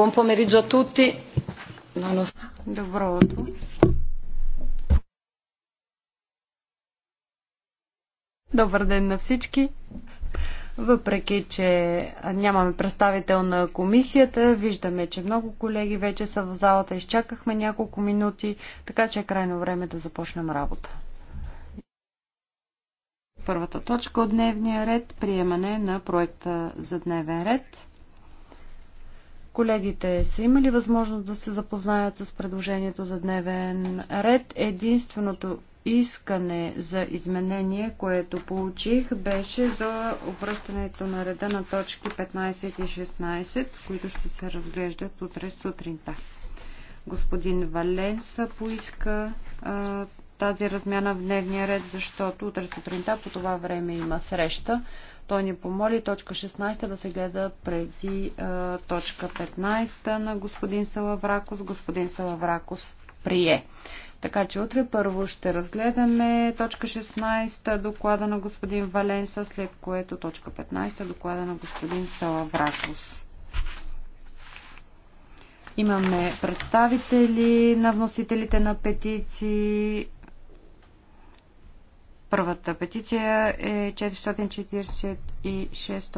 Buon pomeriggio a tutti. Добро утро. Добър ден на всички. Въпреки, че нямаме представител на комисията, виждаме, че много колеги вече са в залата. Изчакахме няколко минути, така че е крайно време да започнем работа. Първата точка от дневния ред приемане на проекта за дневен ред. Колегите са имали възможност да се запознаят с предложението за дневен ред. Единственото искане за изменение, което получих, беше за обръщането на реда на точки 15 и 16, които ще се разглеждат утре сутринта. Господин Валенса поиска а, тази размяна в дневния ред, защото утре сутринта по това време има среща. Той ни помоли точка 16 да се гледа преди е, точка 15 на господин Салавракос. Господин Салавракос прие. Така че утре първо ще разгледаме точка 16 доклада на господин Валенса, след което точка 15 доклада на господин Салавракос. Имаме представители на вносителите на петиции Първата петиция е 446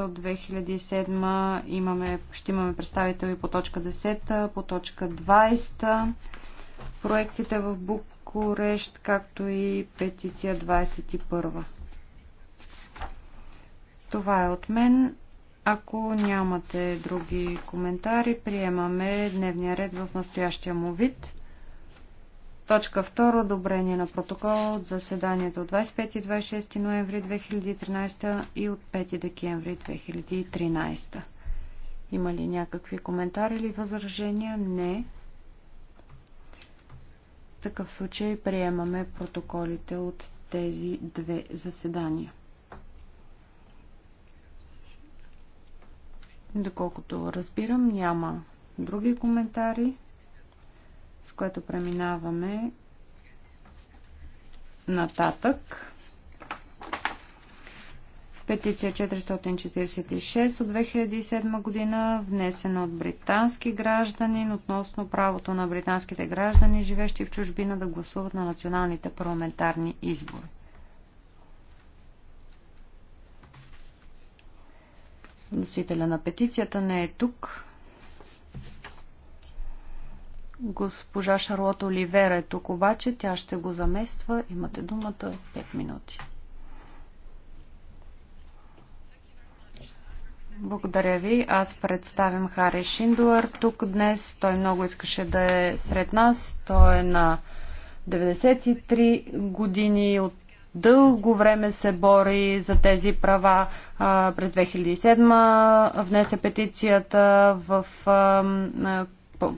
от 2007. Имаме, ще имаме представител и по точка 10, по точка 20. Проектите в Букурещ, както и петиция 21. Това е от мен. Ако нямате други коментари, приемаме дневния ред в настоящия му вид. Точка 2. Одобрение на протокола от заседанието от 25 и 26 ноември 2013 и от 5 декември 2013. Има ли някакви коментари или възражения? Не. В такъв случай приемаме протоколите от тези две заседания. Доколкото разбирам, няма други коментари с което преминаваме нататък. Петиция 446 от 2007 година, внесена от британски гражданин относно правото на британските граждани, живещи в чужбина, да гласуват на националните парламентарни избори. Носителя на петицията не е тук. Госпожа Шарлот Оливера е тук обаче, тя ще го замества. Имате думата 5 минути. Благодаря ви. Аз представям Хари Шиндуар тук днес. Той много искаше да е сред нас. Той е на 93 години от дълго време се бори за тези права. През 2007 внесе петицията в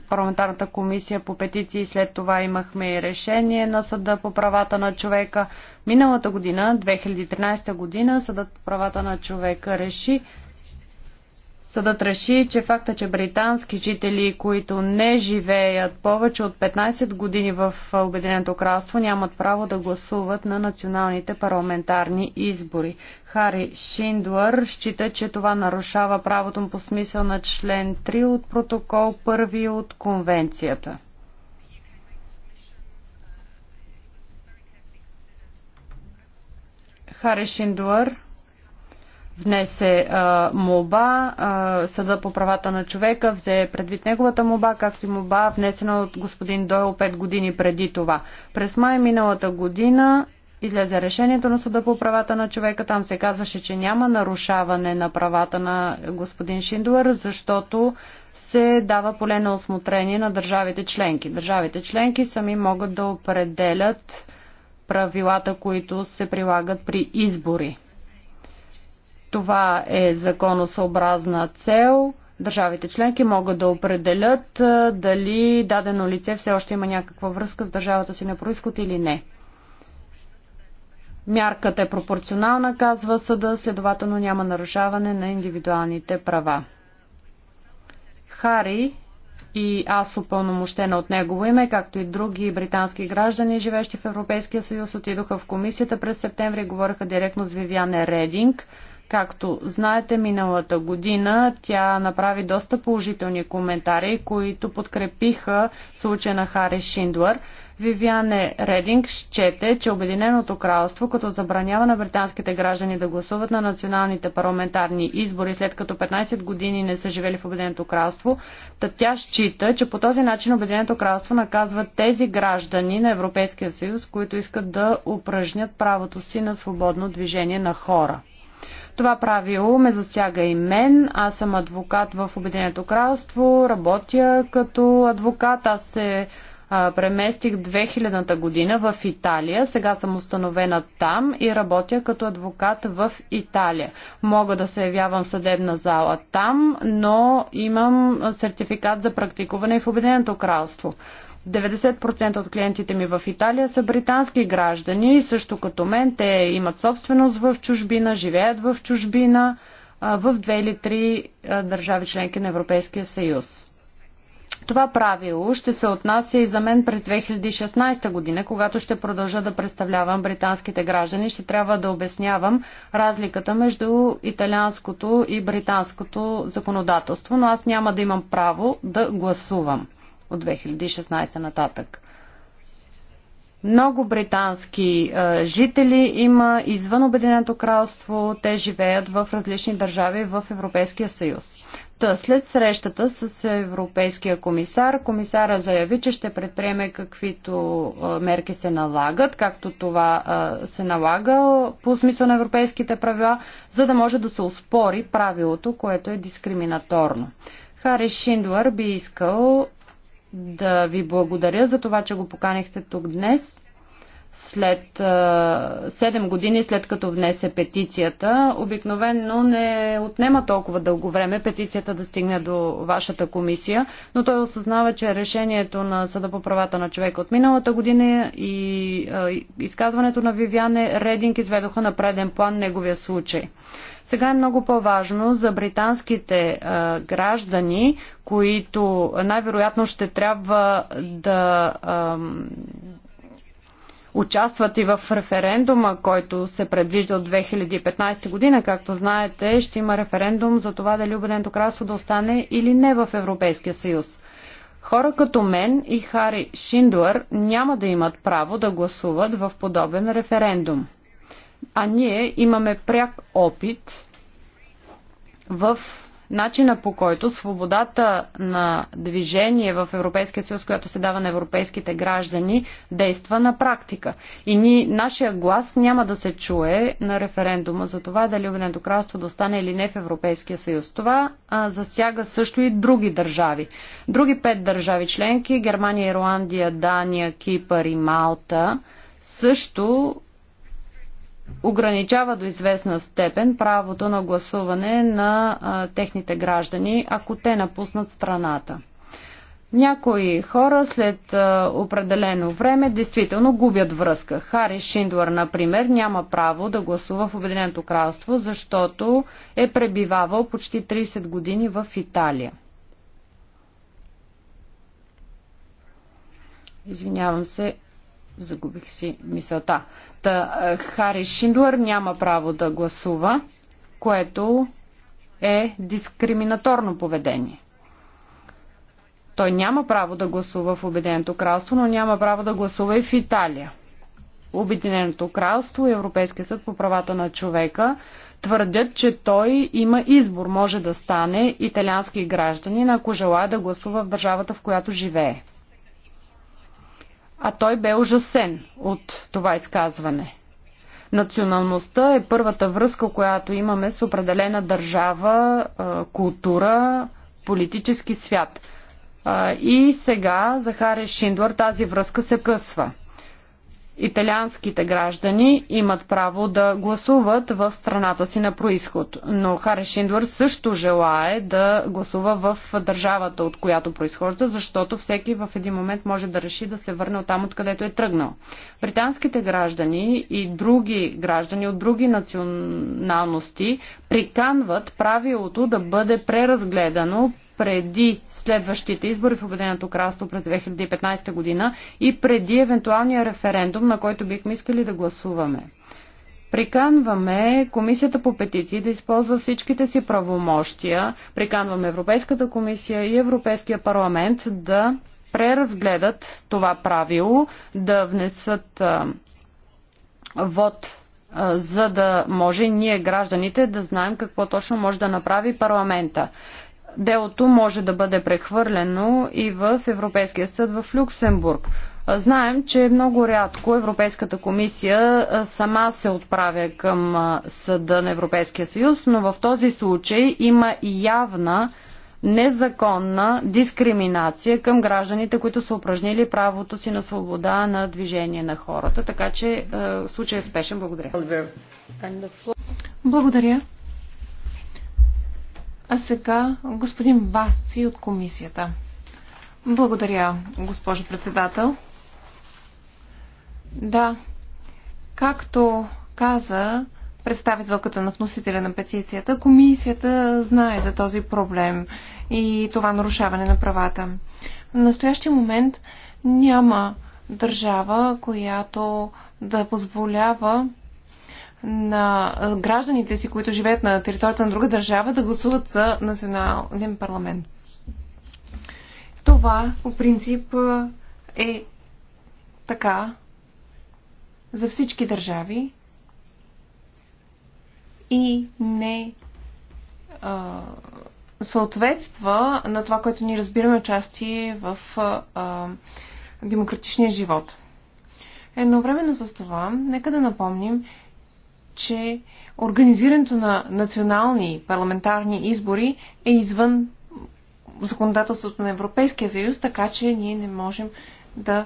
парламентарната комисия по петиции, след това имахме и решение на съда по правата на човека. Миналата година, 2013 година, съдът по правата на човека реши, Съдът реши, че факта, че британски жители, които не живеят повече от 15 години в Обединеното кралство, нямат право да гласуват на националните парламентарни избори. Хари Шиндуър счита, че това нарушава правото му по смисъл на член 3 от протокол 1 от конвенцията. Хари Шиндуър внесе а, моба, а, съда по правата на човека взе предвид неговата моба, както и моба внесена от господин Дойл 5 години преди това. През май миналата година излезе решението на съда по правата на човека. Там се казваше, че няма нарушаване на правата на господин Шиндуер, защото се дава поле на осмотрение на държавите членки. Държавите членки сами могат да определят правилата, които се прилагат при избори. Това е законосъобразна цел. Държавите членки могат да определят дали дадено лице все още има някаква връзка с държавата си на происход или не. Мярката е пропорционална, казва съда, следователно няма нарушаване на индивидуалните права. Хари и аз упълномощена от негово име, както и други британски граждани, живещи в Европейския съюз, отидоха в комисията през септември и говориха директно с Вивиане Рединг – Както знаете, миналата година тя направи доста положителни коментари, които подкрепиха случая на Хари Шиндлър. Вивиане Рединг счете, че Обединеното кралство, като забранява на британските граждани да гласуват на националните парламентарни избори, след като 15 години не са живели в Обединеното кралство, та тя счита, че по този начин Обединеното кралство наказва тези граждани на Европейския съюз, които искат да упражнят правото си на свободно движение на хора. Това правило ме засяга и мен. Аз съм адвокат в Обединеното кралство, работя като адвокат. Аз се а, преместих 2000-та година в Италия. Сега съм установена там и работя като адвокат в Италия. Мога да се явявам в съдебна зала там, но имам сертификат за практикуване в Обединеното кралство. 90% от клиентите ми в Италия са британски граждани, също като мен. Те имат собственост в чужбина, живеят в чужбина, в две или три държави членки на Европейския съюз. Това правило ще се отнася и за мен през 2016 година, когато ще продължа да представлявам британските граждани. Ще трябва да обяснявам разликата между италианското и британското законодателство, но аз няма да имам право да гласувам от 2016 нататък. Много британски е, жители има извън Обединеното кралство. Те живеят в различни държави в Европейския съюз. Та след срещата с Европейския комисар, комисара заяви, че ще предприеме каквито е, мерки се налагат, както това е, се налага по смисъл на европейските правила, за да може да се успори правилото, което е дискриминаторно. Хари Шиндуар би искал да ви благодаря за това, че го поканихте тук днес. След 7 години след като внесе петицията, обикновенно не отнема толкова дълго време петицията да стигне до вашата комисия, но той осъзнава, че решението на Съда по правата на човека от миналата година и изказването на Вивяне Рединг изведоха на преден план неговия случай. Сега е много по-важно за британските е, граждани, които най-вероятно ще трябва да участват и в референдума, който се предвижда от 2015 година. Както знаете, ще има референдум за това дали Обединеното кралство да остане или не в Европейския съюз. Хора като мен и Хари Шиндуър няма да имат право да гласуват в подобен референдум а ние имаме пряк опит в начина по който свободата на движение в Европейския съюз, която се дава на европейските граждани, действа на практика. И ни, нашия глас няма да се чуе на референдума за това дали Обединеното кралство да остане или не в Европейския съюз. Това а, засяга също и други държави. Други пет държави членки Германия, Ирландия, Дания, Кипър и Малта също ограничава до известна степен правото на гласуване на а, техните граждани, ако те напуснат страната. Някои хора след а, определено време действително губят връзка. Хари Шиндлър, например, няма право да гласува в Обединеното кралство, защото е пребивавал почти 30 години в Италия. Извинявам се, Загубих си мисълта. Та, е, Хари Шиндлър няма право да гласува, което е дискриминаторно поведение. Той няма право да гласува в Обединеното кралство, но няма право да гласува и в Италия. Обединеното кралство и Европейския съд по правата на човека твърдят, че той има избор, може да стане италиански гражданин, ако желая да гласува в държавата, в която живее а той бе ужасен от това изказване. Националността е първата връзка, която имаме с определена държава, култура, политически свят. И сега Захаре Шиндуар тази връзка се късва италианските граждани имат право да гласуват в страната си на происход. Но Хари Шиндвър също желае да гласува в държавата, от която произхожда, защото всеки в един момент може да реши да се върне от там, откъдето е тръгнал. Британските граждани и други граждани от други националности приканват правилото да бъде преразгледано преди следващите избори в Обединеното кралство през 2015 година и преди евентуалния референдум, на който бихме искали да гласуваме. Приканваме Комисията по петиции да използва всичките си правомощия. Приканваме Европейската комисия и Европейския парламент да преразгледат това правило, да внесат а, вод, а, за да може ние гражданите да знаем какво точно може да направи парламента делото може да бъде прехвърлено и в Европейския съд в Люксембург. Знаем, че много рядко Европейската комисия сама се отправя към съда на Европейския съюз, но в този случай има и явна незаконна дискриминация към гражданите, които са упражнили правото си на свобода на движение на хората. Така че случай е спешен. Благодаря. Благодаря. А сега господин Васци от комисията. Благодаря, госпожо председател. Да, както каза представителката на вносителя на петицията, комисията знае за този проблем и това нарушаване на правата. В настоящия момент няма държава, която да позволява на гражданите си, които живеят на територията на друга държава, да гласуват за национален парламент. Това по принцип е така за всички държави и не а, съответства на това, което ни разбираме участие в а, демократичния живот. Едновременно с това, нека да напомним, че организирането на национални парламентарни избори е извън законодателството на Европейския съюз, така че ние не можем да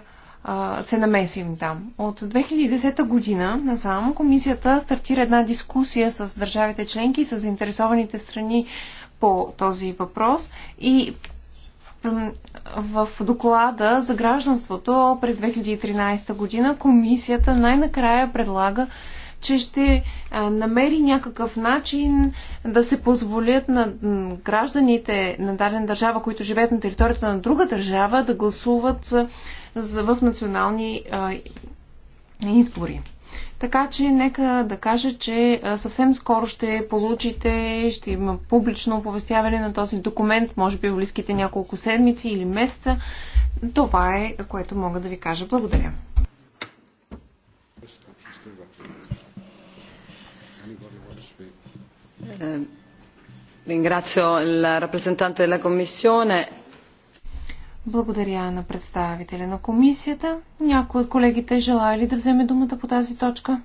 се намесим там. От 2010 година насам комисията стартира една дискусия с държавите членки, с заинтересованите страни по този въпрос и в доклада за гражданството през 2013 година комисията най-накрая предлага че ще намери някакъв начин да се позволят на гражданите на дадена държава, които живеят на територията на друга държава, да гласуват в национални избори. Така че нека да кажа, че съвсем скоро ще получите, ще има публично оповестяване на този документ, може би в близките няколко седмици или месеца. Това е, което мога да ви кажа. Благодаря. Eh, Благодаря на представителя на комисията. Някой от колегите желая ли да вземе думата по тази точка?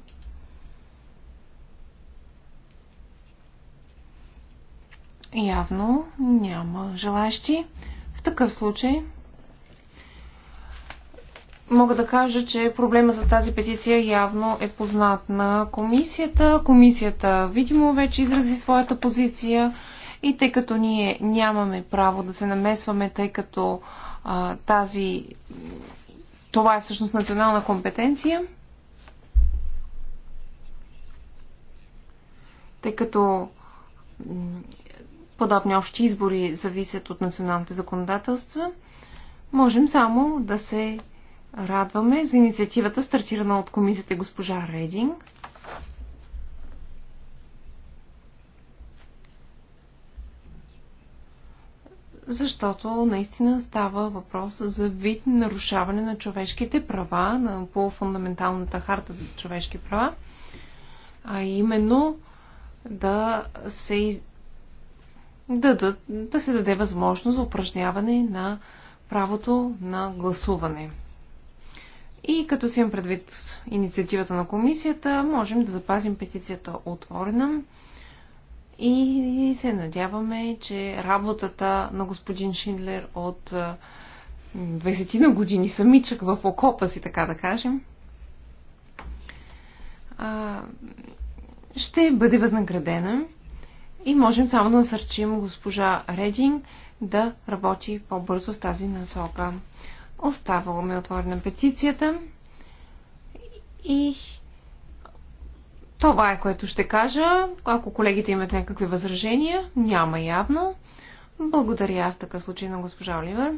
Явно няма желащи. В такъв случай мога да кажа, че проблема с тази петиция явно е познат на комисията. Комисията видимо вече изрази своята позиция и тъй като ние нямаме право да се намесваме, тъй като а, тази това е всъщност национална компетенция, тъй като подобни общи избори зависят от националните законодателства, можем само да се радваме за инициативата, стартирана от комисията госпожа Рединг. Защото наистина става въпрос за вид нарушаване на човешките права по фундаменталната харта за човешки права, а именно да се, да, да, да се даде възможност за упражняване на правото на гласуване. И като си имам предвид инициативата на комисията, можем да запазим петицията отворена и се надяваме, че работата на господин Шиндлер от 20 на години самичък в окопа си, така да кажем, ще бъде възнаградена и можем само да насърчим госпожа Рединг да работи по-бързо в тази насока. Оставало ми отворена петицията и това е което ще кажа. Ако колегите имат някакви възражения, няма явно. Благодаря в такъв случай на госпожа Оливер.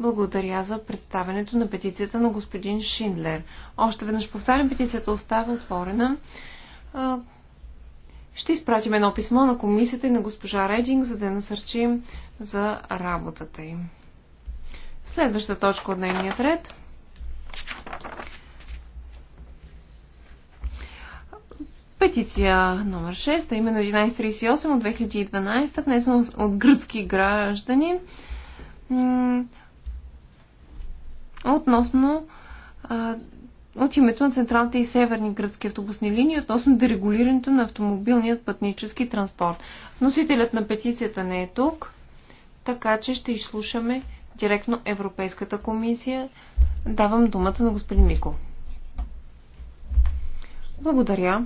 Благодаря за представенето на петицията на господин Шиндлер. Още веднъж повтарям, петицията остава отворена. Ще изпратим едно писмо на комисията и на госпожа Рейджинг, за да насърчим за работата им. Следваща точка от дневният ред. Петиция номер 6, а именно 1138 от 2012, внесена от гръцки граждани относно от името на централните и северни гръцки автобусни линии относно дерегулирането на автомобилният пътнически транспорт. Носителят на петицията не е тук, така че ще изслушаме директно Европейската комисия. Давам думата на господин Мико. Благодаря.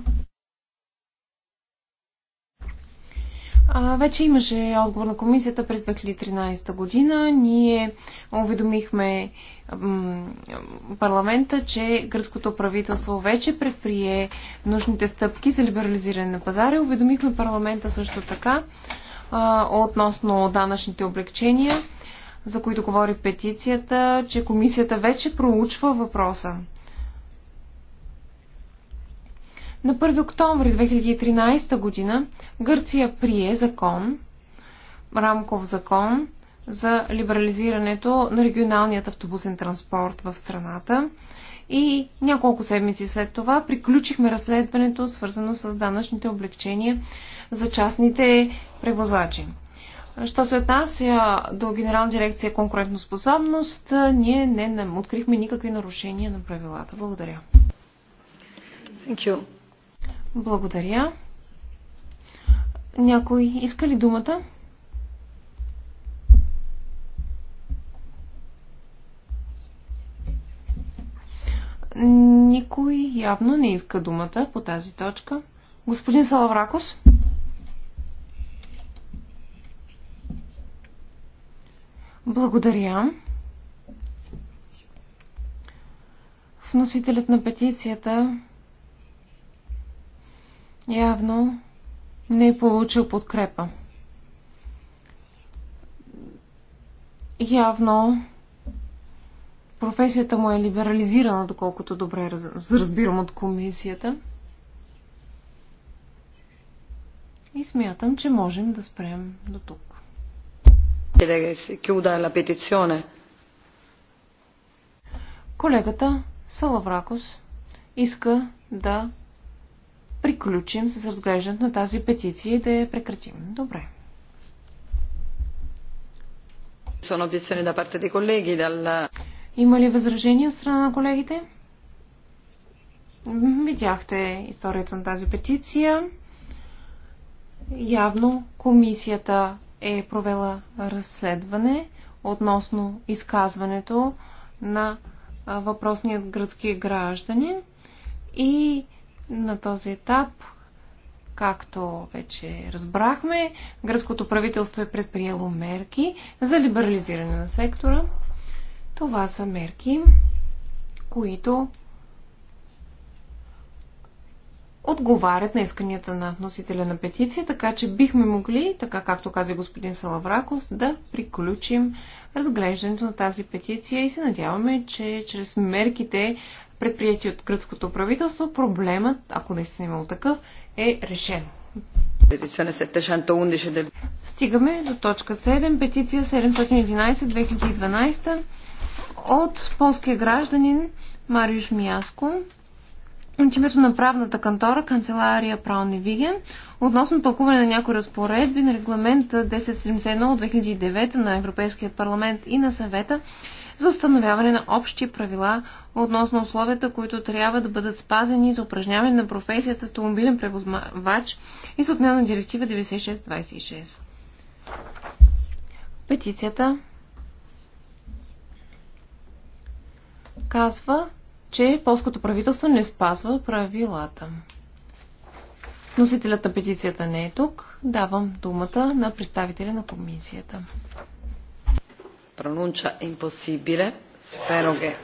А, вече имаше отговор на комисията през 2013 година. Ние уведомихме парламента, че гръцкото правителство вече предприе нужните стъпки за либерализиране на пазара. Уведомихме парламента също така а, относно данъчните облегчения за които говори петицията, че комисията вече проучва въпроса. На 1 октомври 2013 година Гърция прие закон, рамков закон, за либерализирането на регионалният автобусен транспорт в страната. И няколко седмици след това приключихме разследването, свързано с данъчните облегчения за частните превозачи. Що се отнася до Генерална дирекция конкурентоспособност, ние не, открихме никакви нарушения на правилата. Благодаря. Thank you. Благодаря. Някой иска ли думата? Никой явно не иска думата по тази точка. Господин Салавракос? Благодаря. Вносителят на петицията явно не е получил подкрепа. Явно професията му е либерализирана, доколкото добре разбирам от комисията. И смятам, че можем да спрем до тук. Колегата Салавракос иска да приключим с разглеждането на тази петиция и да я прекратим. Добре. Има ли възражения от страна на колегите? Видяхте историята на тази петиция. Явно комисията е провела разследване относно изказването на въпросният гръцки гражданин и на този етап, както вече разбрахме, гръцкото правителство е предприело мерки за либерализиране на сектора. Това са мерки, които отговарят на исканията на носителя на петиция, така че бихме могли, така както каза господин Салавракос, да приключим разглеждането на тази петиция и се надяваме, че чрез мерките, предприяти от гръцкото правителство, проблемът, ако наистина е имал такъв, е решен. Стигаме до точка 7, петиция 711-2012 от полския гражданин Мариуш Мияско. От името на правната кантора, канцелария Прауни Виген, относно тълкуване на някои разпоредби на регламент 1071 от 2009 на Европейския парламент и на съвета за установяване на общи правила относно условията, които трябва да бъдат спазени за упражняване на професията автомобилен превозвач и с отмяна на директива 9626. Петицията казва, че полското правителство не спазва правилата. Носителят на петицията не е тук. Давам думата на представителя на комисията. Пронунча импосибиле. Spero ге.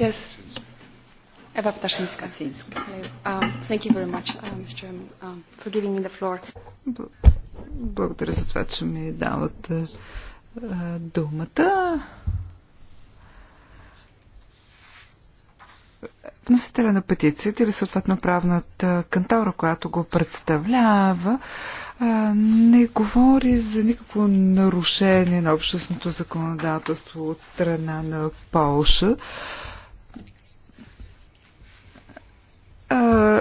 Yes. Ева Пташинска. Um, thank you very much, uh, Mr. Um, for giving me the floor. Благодаря за това, че ми дават е, думата. вносителя на петицията или съответно правната кантора, която го представлява, не говори за никакво нарушение на общностното законодателство от страна на Полша.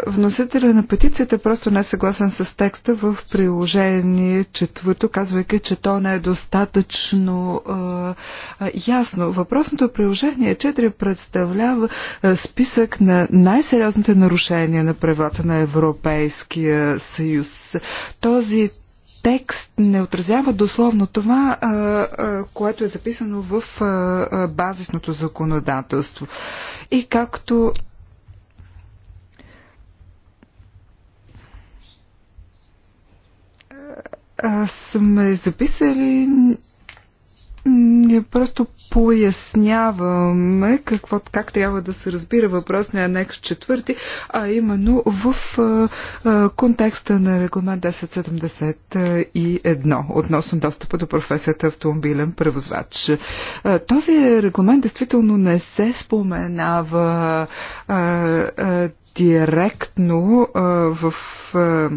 вносителя на петицията е просто не е съгласен с текста в приложение четвърто, казвайки, че то не е достатъчно а, а, ясно. Въпросното приложение 4 представлява а, списък на най-сериозните нарушения на правата на Европейския съюз. Този текст не отразява дословно това, а, а, което е записано в а, а, базисното законодателство. И както сме записали ние просто поясняваме какво, как трябва да се разбира въпрос на анекс 4, а именно в а, а, контекста на регламент 1071 относно достъпа до професията автомобилен превозвач. А, този регламент действително не се споменава а, а, директно а, в. А,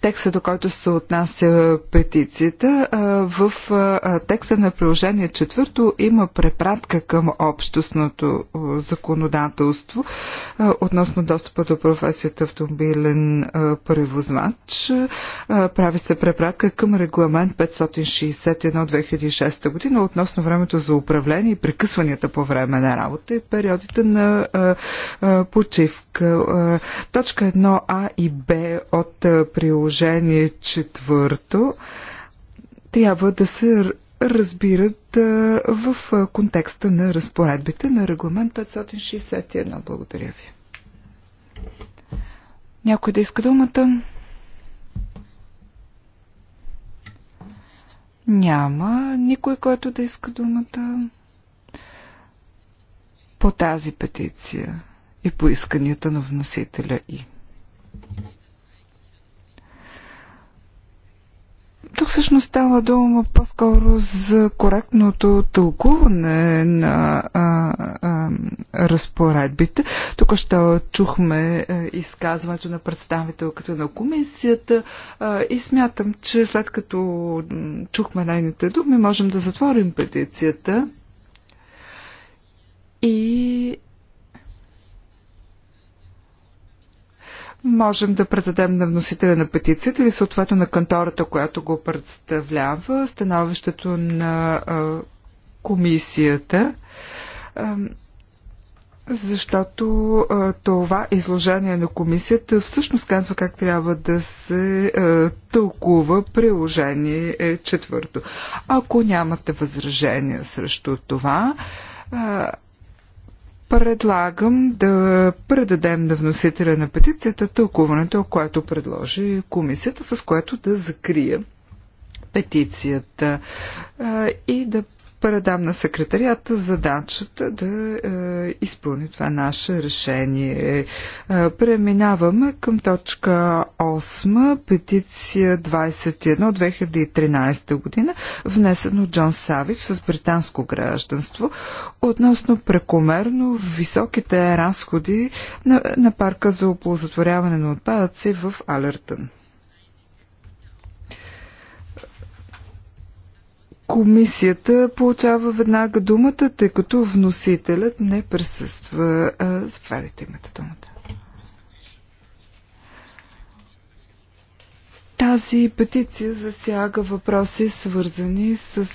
текста, до който се отнася петицията, в текста на приложение четвърто има препратка към общностното законодателство относно достъпа до професията автомобилен превозвач. Прави се препратка към регламент 561 2006 година относно времето за управление и прекъсванията по време на работа и периодите на почивка. Точка 1А и Б от приложението положение четвърто трябва да се разбират в контекста на разпоредбите на регламент 561. Благодаря ви. Някой да иска думата? Няма никой, който да иска думата по тази петиция и по исканията на вносителя и. Тук всъщност става дума по-скоро за коректното тълкуване на а, а, разпоредбите. Тук ще чухме изказването на представителката на комисията а, и смятам, че след като чухме нейните думи, можем да затворим петицията и можем да предадем на вносителя на петицията или съответно на кантората, която го представлява, становището на комисията защото а, това изложение на комисията всъщност казва как трябва да се а, тълкува приложение е, четвърто. Ако нямате възражения срещу това, а, Предлагам да предадем на вносителя на петицията тълкуването, което предложи комисията, с което да закрия петицията и да предам на секретарията задачата да е, изпълни това наше решение. Е, преминаваме към точка 8, петиция 21-2013 година, внесено от Джон Савич с британско гражданство, относно прекомерно високите разходи на, на парка за оползотворяване на отпадъци в Алертън. Комисията получава веднага думата, тъй като вносителят не присъства. Заповядайте, имате думата. Тази петиция засяга въпроси, свързани с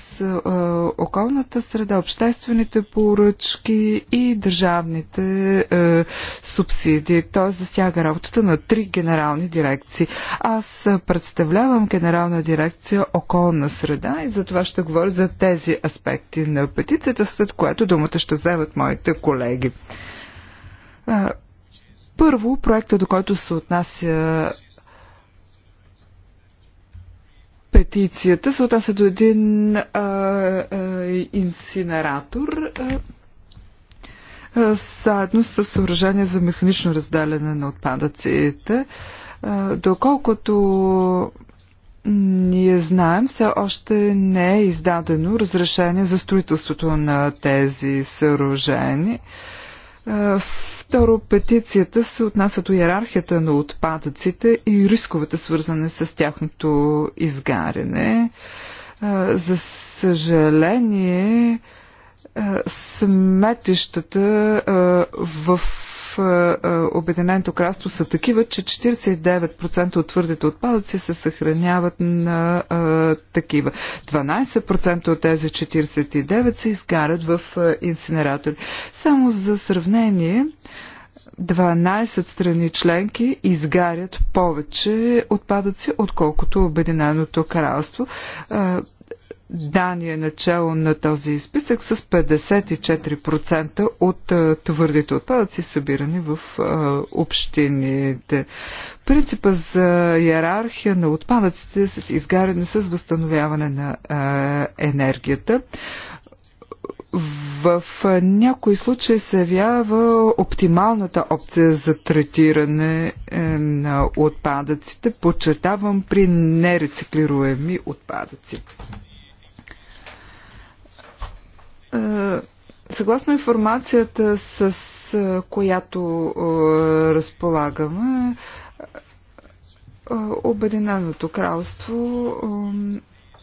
а, околната среда, обществените поръчки и държавните а, субсидии. Той засяга работата на три генерални дирекции. Аз представлявам генерална дирекция околна среда и за това ще говоря за тези аспекти на петицията, след което думата ще вземат моите колеги. А, първо, проекта, до който се отнася петицията се отнася до един а, а, инсинератор заедно с съоръжение за механично разделяне на отпадъците. доколкото ние знаем, все още не е издадено разрешение за строителството на тези съоръжения. Второ, петицията се отнася до иерархията на отпадъците и рисковете, свързани с тяхното изгаряне. За съжаление, сметищата в е, е, Обединеното кралство са такива, че 49% от твърдите отпадъци се съхраняват на а, е, такива. 12% от тези 49% се изгарят в инсинератори. Само за сравнение, 12 страни членки изгарят повече отпадъци, отколкото Обединеното кралство. Дания начало на този списък с 54% от е, твърдите отпадъци, събирани в е, общините. Принципа за иерархия на отпадъците с изгаряне с възстановяване на е, енергията в някои случаи се явява оптималната опция за третиране на отпадъците, подчертавам при нерециклируеми отпадъци. Е, съгласно информацията, с е, която е, разполагаме, Обединеното кралство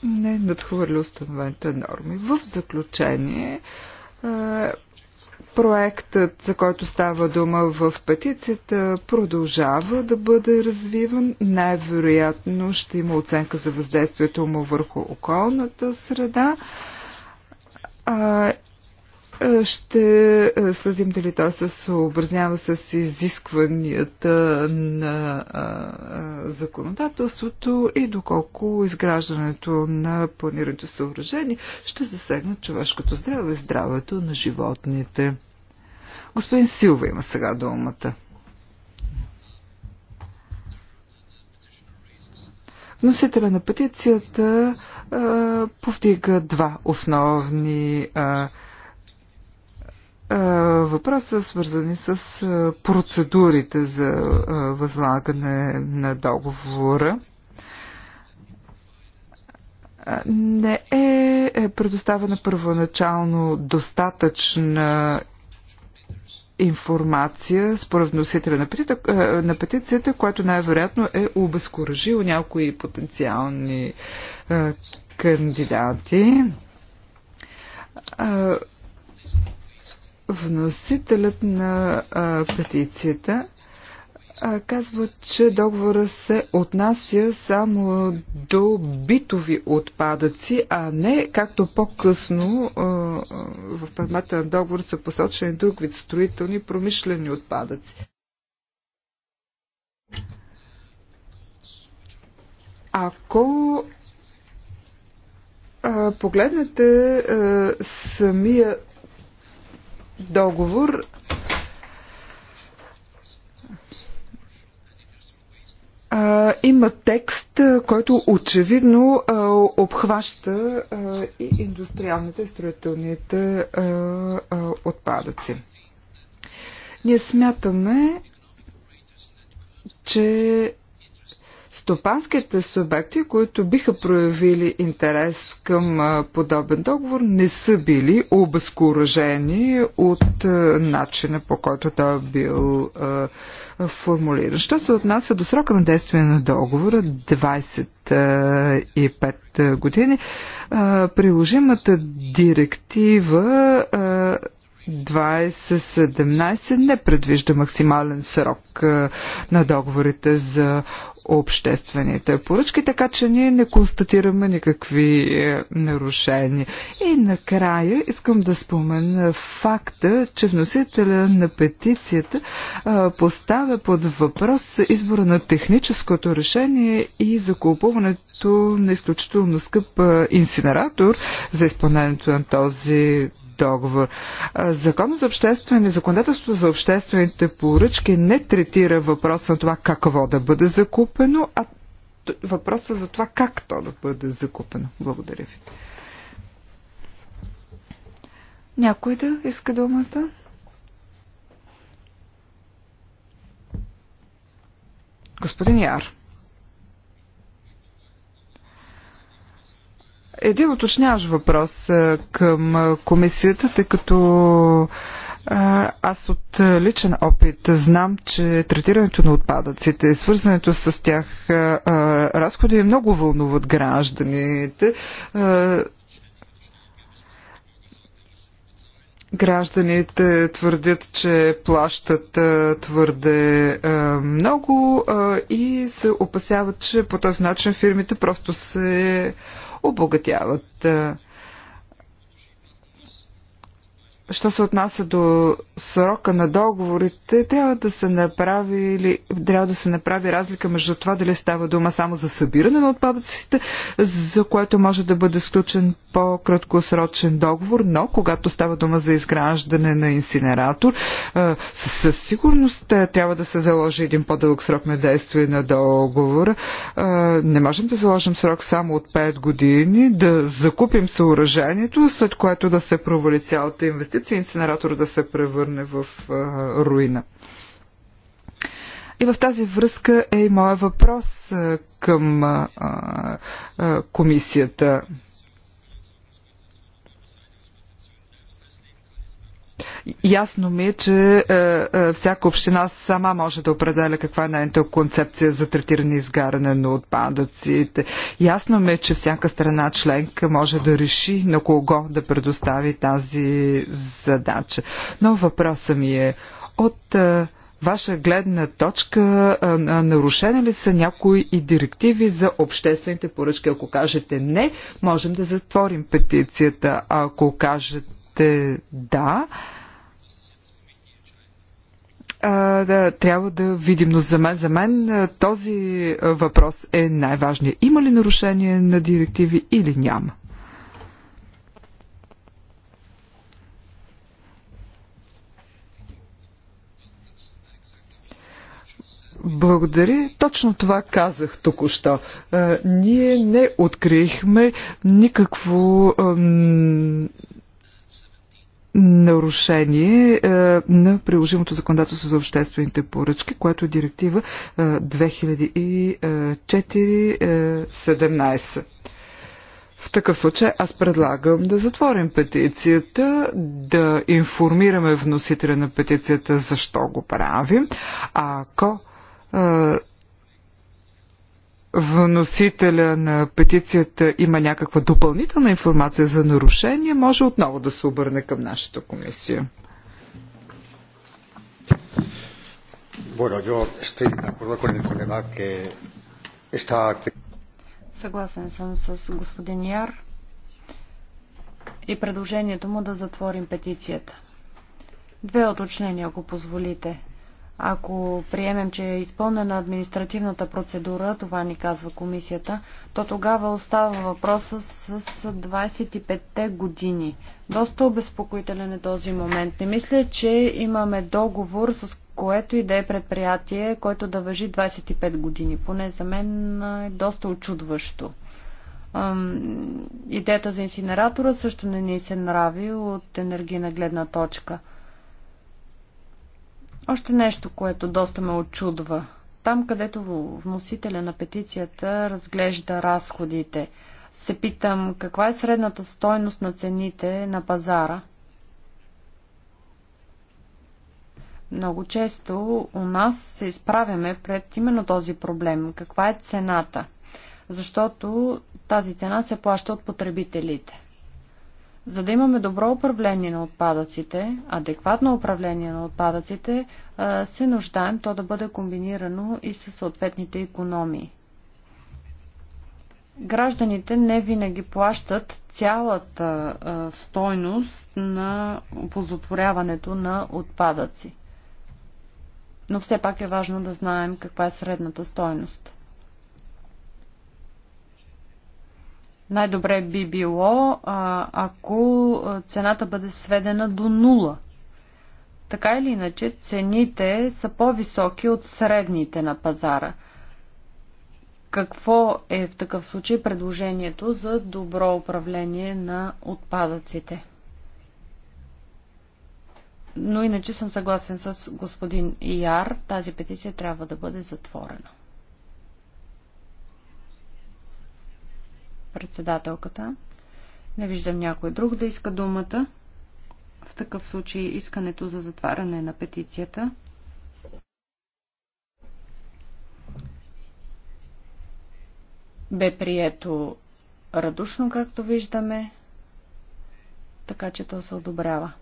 не надхвърля установените норми. В заключение, проектът, за който става дума в петицията, продължава да бъде развиван. Най-вероятно ще има оценка за въздействието му върху околната среда. А, ще следим дали той се съобразнява с изискванията на законодателството и доколко изграждането на планираните съоръжения ще засегнат човешкото здраве и здравето на животните. Господин Силва има сега думата. Носителя на петицията повдига два основни въпроса, свързани с процедурите за възлагане на договора. Не е, е предоставена първоначално достатъчна информация според вносителя на петицията, което най-вероятно е обезкуражил някои потенциални кандидати. Вносителят на петицията казва, че договора се отнася само до битови отпадъци, а не както по-късно в предмета на договор са посочени друг вид строителни промишлени отпадъци. Ако а, погледнете а, самия договор, а, има текст, който очевидно а, обхваща а, и индустриалните и строителните а, а, отпадъци. Ние смятаме, че Стопанските субекти, които биха проявили интерес към подобен договор, не са били обезкуражени от начина по който той е бил формулиран. Що се отнася до срока на действие на договора 25 години, приложимата директива 2017 не предвижда максимален срок на договорите за обществените поръчки, така че ние не констатираме никакви е, нарушения. И накрая искам да спомена факта, че вносителя на петицията е, поставя под въпрос избора на техническото решение и закупуването на изключително скъп е, инсинератор за изпълнението на този договор. Закон за обществени, законодателство за обществените поръчки не третира въпроса на това какво да бъде закупено, а въпроса за това как то да бъде закупено. Благодаря ви. Някой да иска думата? Господин Яр. един уточняваш въпрос е, към е, комисията, тъй като е, аз от личен опит знам, че третирането на отпадъците, свързането с тях разходи много вълнуват гражданите гражданите твърдят, че плащат твърде много и се опасяват, че по този начин фирмите просто се обогатяват Що се отнася до срока на договорите, трябва да се направи или трябва да се направи разлика между това дали става дума само за събиране на отпадъците, за което може да бъде сключен по-краткосрочен договор, но когато става дума за изграждане на инсинератор, със сигурност е, трябва да се заложи един по-дълъг срок на действие на договор. Не можем да заложим срок само от 5 години, да закупим съоръжението, след което да се провали цялата инвестиция месец и да се превърне в а, руина. И в тази връзка е и моя въпрос към а, а, комисията. Ясно ми е, че е, е, всяка община сама може да определя каква е нейната концепция за третиране и изгаряне на отпадъците. Ясно ми е, че всяка страна членка може да реши на кого да предостави тази задача. Но въпросът ми е, от е, ваша гледна точка е, е, нарушени ли са някои и директиви за обществените поръчки? Ако кажете не, можем да затворим петицията. ако кажете да, а, да, трябва да видим. Но за мен, за мен този въпрос е най-важният. Има ли нарушение на директиви или няма? Благодаря. Точно това казах току-що. Ние не открихме никакво нарушение е, на приложимото законодателство за обществените поръчки, което е директива 2004-17. Е, е, В такъв случай аз предлагам да затворим петицията, да информираме вносителя на петицията защо го правим, а ако вносителя на петицията има някаква допълнителна информация за нарушение, може отново да се обърне към нашата комисия. Bueno, yo estoy de acuerdo con el colega que Съгласен съм с господин Яр и предложението му да затворим петицията. Две оточнения, ако позволите. Ако приемем, че е изпълнена административната процедура, това ни казва комисията, то тогава остава въпроса с 25-те години. Доста обезпокоителен е този момент. Не мисля, че имаме договор с което и да е предприятие, който да въжи 25 години. Поне за мен е доста очудващо. Идеята за инсинератора също не ни се нрави от енергийна гледна точка – още нещо, което доста ме очудва. Там, където вносителя на петицията разглежда разходите, се питам каква е средната стойност на цените на пазара. Много често у нас се изправяме пред именно този проблем. Каква е цената? Защото тази цена се плаща от потребителите. За да имаме добро управление на отпадъците, адекватно управление на отпадъците, се нуждаем то да бъде комбинирано и с съответните економии. Гражданите не винаги плащат цялата стойност на опозотворяването на отпадъци. Но все пак е важно да знаем каква е средната стойност. Най-добре би било, ако цената бъде сведена до нула. Така или иначе, цените са по-високи от средните на пазара. Какво е в такъв случай предложението за добро управление на отпадъците? Но иначе съм съгласен с господин Яр, тази петиция трябва да бъде затворена. председателката. Не виждам някой друг да иска думата. В такъв случай искането за затваряне на петицията. Бе прието радушно, както виждаме, така че то се одобрява.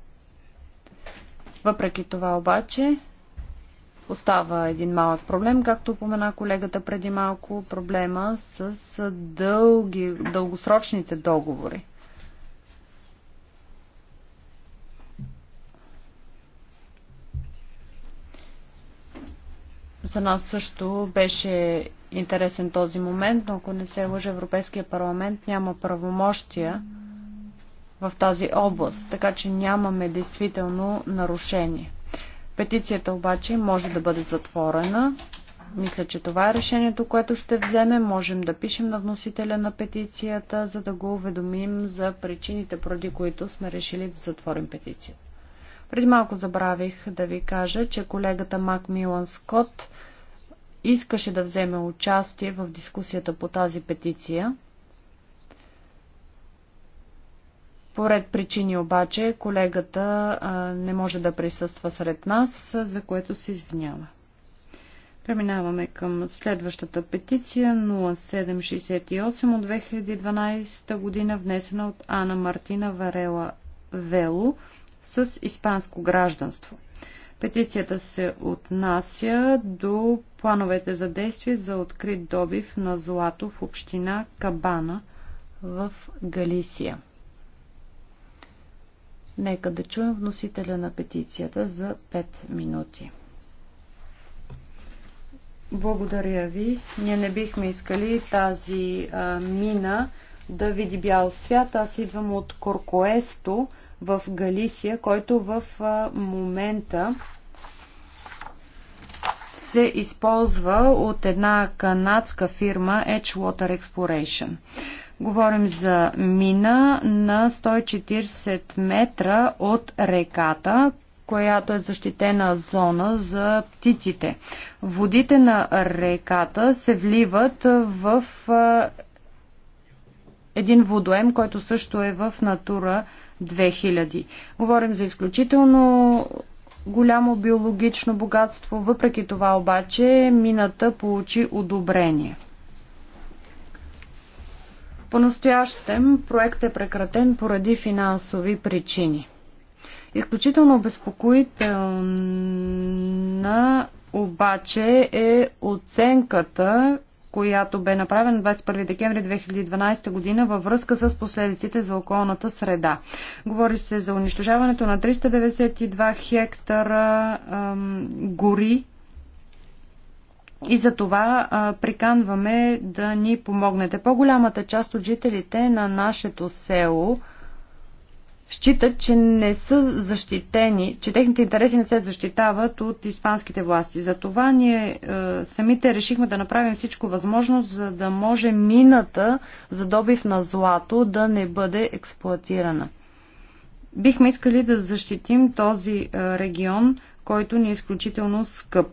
Въпреки това обаче, Остава един малък проблем, както помена колегата преди малко, проблема с дълги, дългосрочните договори. За нас също беше интересен този момент, но ако не се лъжа, Европейския парламент няма правомощия в тази област, така че нямаме действително нарушение. Петицията обаче може да бъде затворена. Мисля, че това е решението, което ще вземе. Можем да пишем на вносителя на петицията, за да го уведомим за причините, поради които сме решили да затворим петицията. Преди малко забравих да ви кажа, че колегата Мак Милан Скотт искаше да вземе участие в дискусията по тази петиция. По ред причини обаче колегата не може да присъства сред нас, за което се извинява. Преминаваме към следващата петиция 0768 от 2012 година, внесена от Ана Мартина Варела Вело с испанско гражданство. Петицията се отнася до плановете за действие за открит добив на злато в община Кабана в Галисия. Нека да чуем вносителя на петицията за 5 минути. Благодаря ви. Ние не бихме искали тази а, мина да види бял свят. Аз идвам от Коркоесто в Галисия, който в а, момента се използва от една канадска фирма Edgewater Exploration. Говорим за мина на 140 метра от реката, която е защитена зона за птиците. Водите на реката се вливат в един водоем, който също е в Натура 2000. Говорим за изключително голямо биологично богатство, въпреки това обаче мината получи одобрение. По-настоящем проект е прекратен поради финансови причини. Изключително обезпокоителна обаче е оценката, която бе направена 21 декември 2012 година във връзка с последиците за околната среда. Говори се за унищожаването на 392 хектара ам, гори и за това а, приканваме да ни помогнете. По-голямата част от жителите на нашето село считат, че не са защитени, че техните интереси не се защитават от испанските власти. това ние а, самите решихме да направим всичко възможно, за да може мината за добив на злато да не бъде експлуатирана. Бихме искали да защитим този регион, който ни е изключително скъп.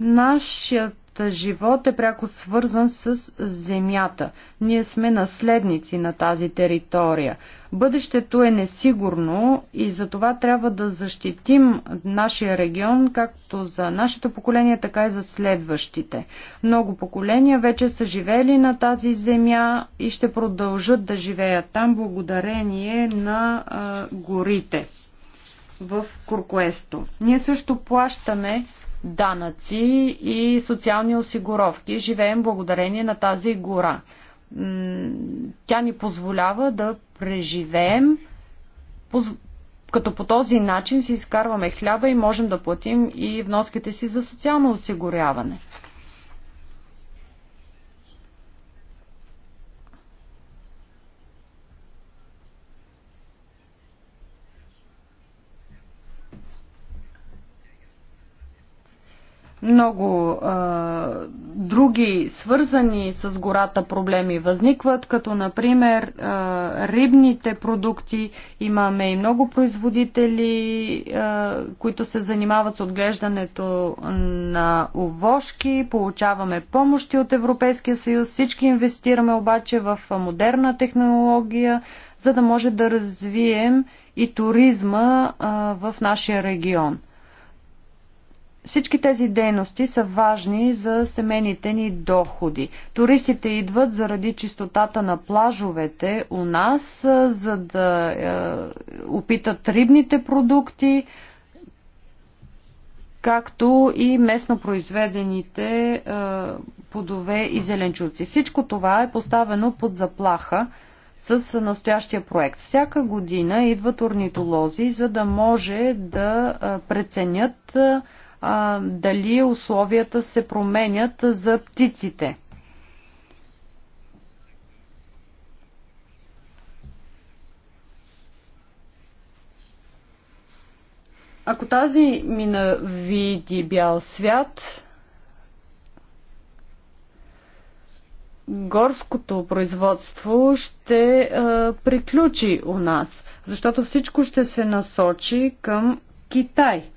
Нашият живот е пряко свързан с земята. Ние сме наследници на тази територия. Бъдещето е несигурно и за това трябва да защитим нашия регион, както за нашето поколение, така и за следващите. Много поколения вече са живели на тази земя и ще продължат да живеят там благодарение на а, горите в Куркуесто. Ние също плащаме данъци и социални осигуровки. Живеем благодарение на тази гора. Тя ни позволява да преживеем, като по този начин си изкарваме хляба и можем да платим и вноските си за социално осигуряване. Много а, други свързани с гората проблеми възникват, като например а, рибните продукти. Имаме и много производители, а, които се занимават с отглеждането на овошки. Получаваме помощи от Европейския съюз. Всички инвестираме обаче в модерна технология, за да може да развием и туризма а, в нашия регион. Всички тези дейности са важни за семейните ни доходи. Туристите идват заради чистотата на плажовете у нас, за да е, опитат рибните продукти, както и местно произведените е, плодове и зеленчуци. Всичко това е поставено под заплаха с настоящия проект. Всяка година идват орнитолози, за да може да преценят е, а, дали условията се променят за птиците. Ако тази мина види бял свят, горското производство ще а, приключи у нас, защото всичко ще се насочи към Китай.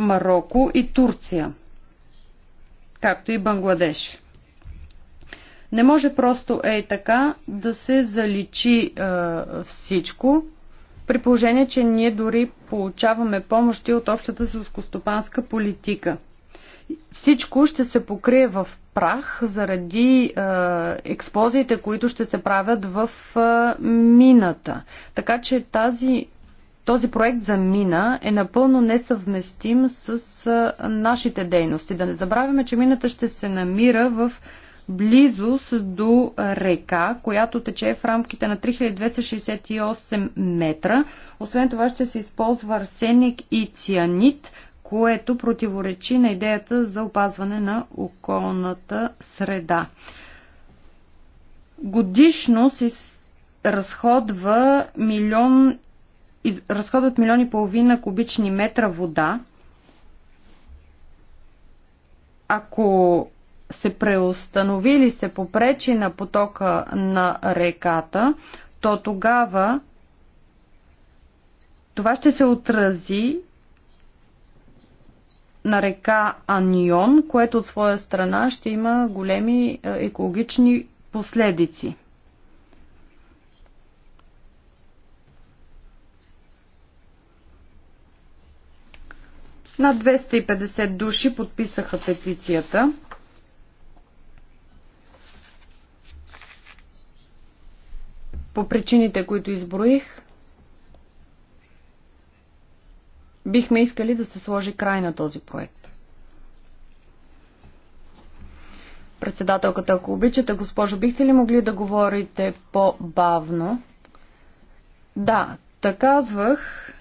Марокко и Турция, както и Бангладеш. Не може просто ей така да се заличи е, всичко, при положение, че ние дори получаваме помощи от общата селскостопанска политика. Всичко ще се покрие в прах заради е, експозиите, които ще се правят в е, мината. Така че тази този проект за мина е напълно несъвместим с нашите дейности. Да не забравяме, че мината ще се намира в близост до река, която тече в рамките на 3268 метра. Освен това ще се използва арсеник и цианит, което противоречи на идеята за опазване на околната среда. Годишно се разходва милион разходват милиони и половина кубични метра вода, ако се преустанови или се попречи на потока на реката, то тогава това ще се отрази на река Анион, което от своя страна ще има големи е, екологични последици. Над 250 души подписаха петицията. По причините, които изброих, бихме искали да се сложи край на този проект. Председателката, ако обичате, госпожо, бихте ли могли да говорите по-бавно? Да, така казвах,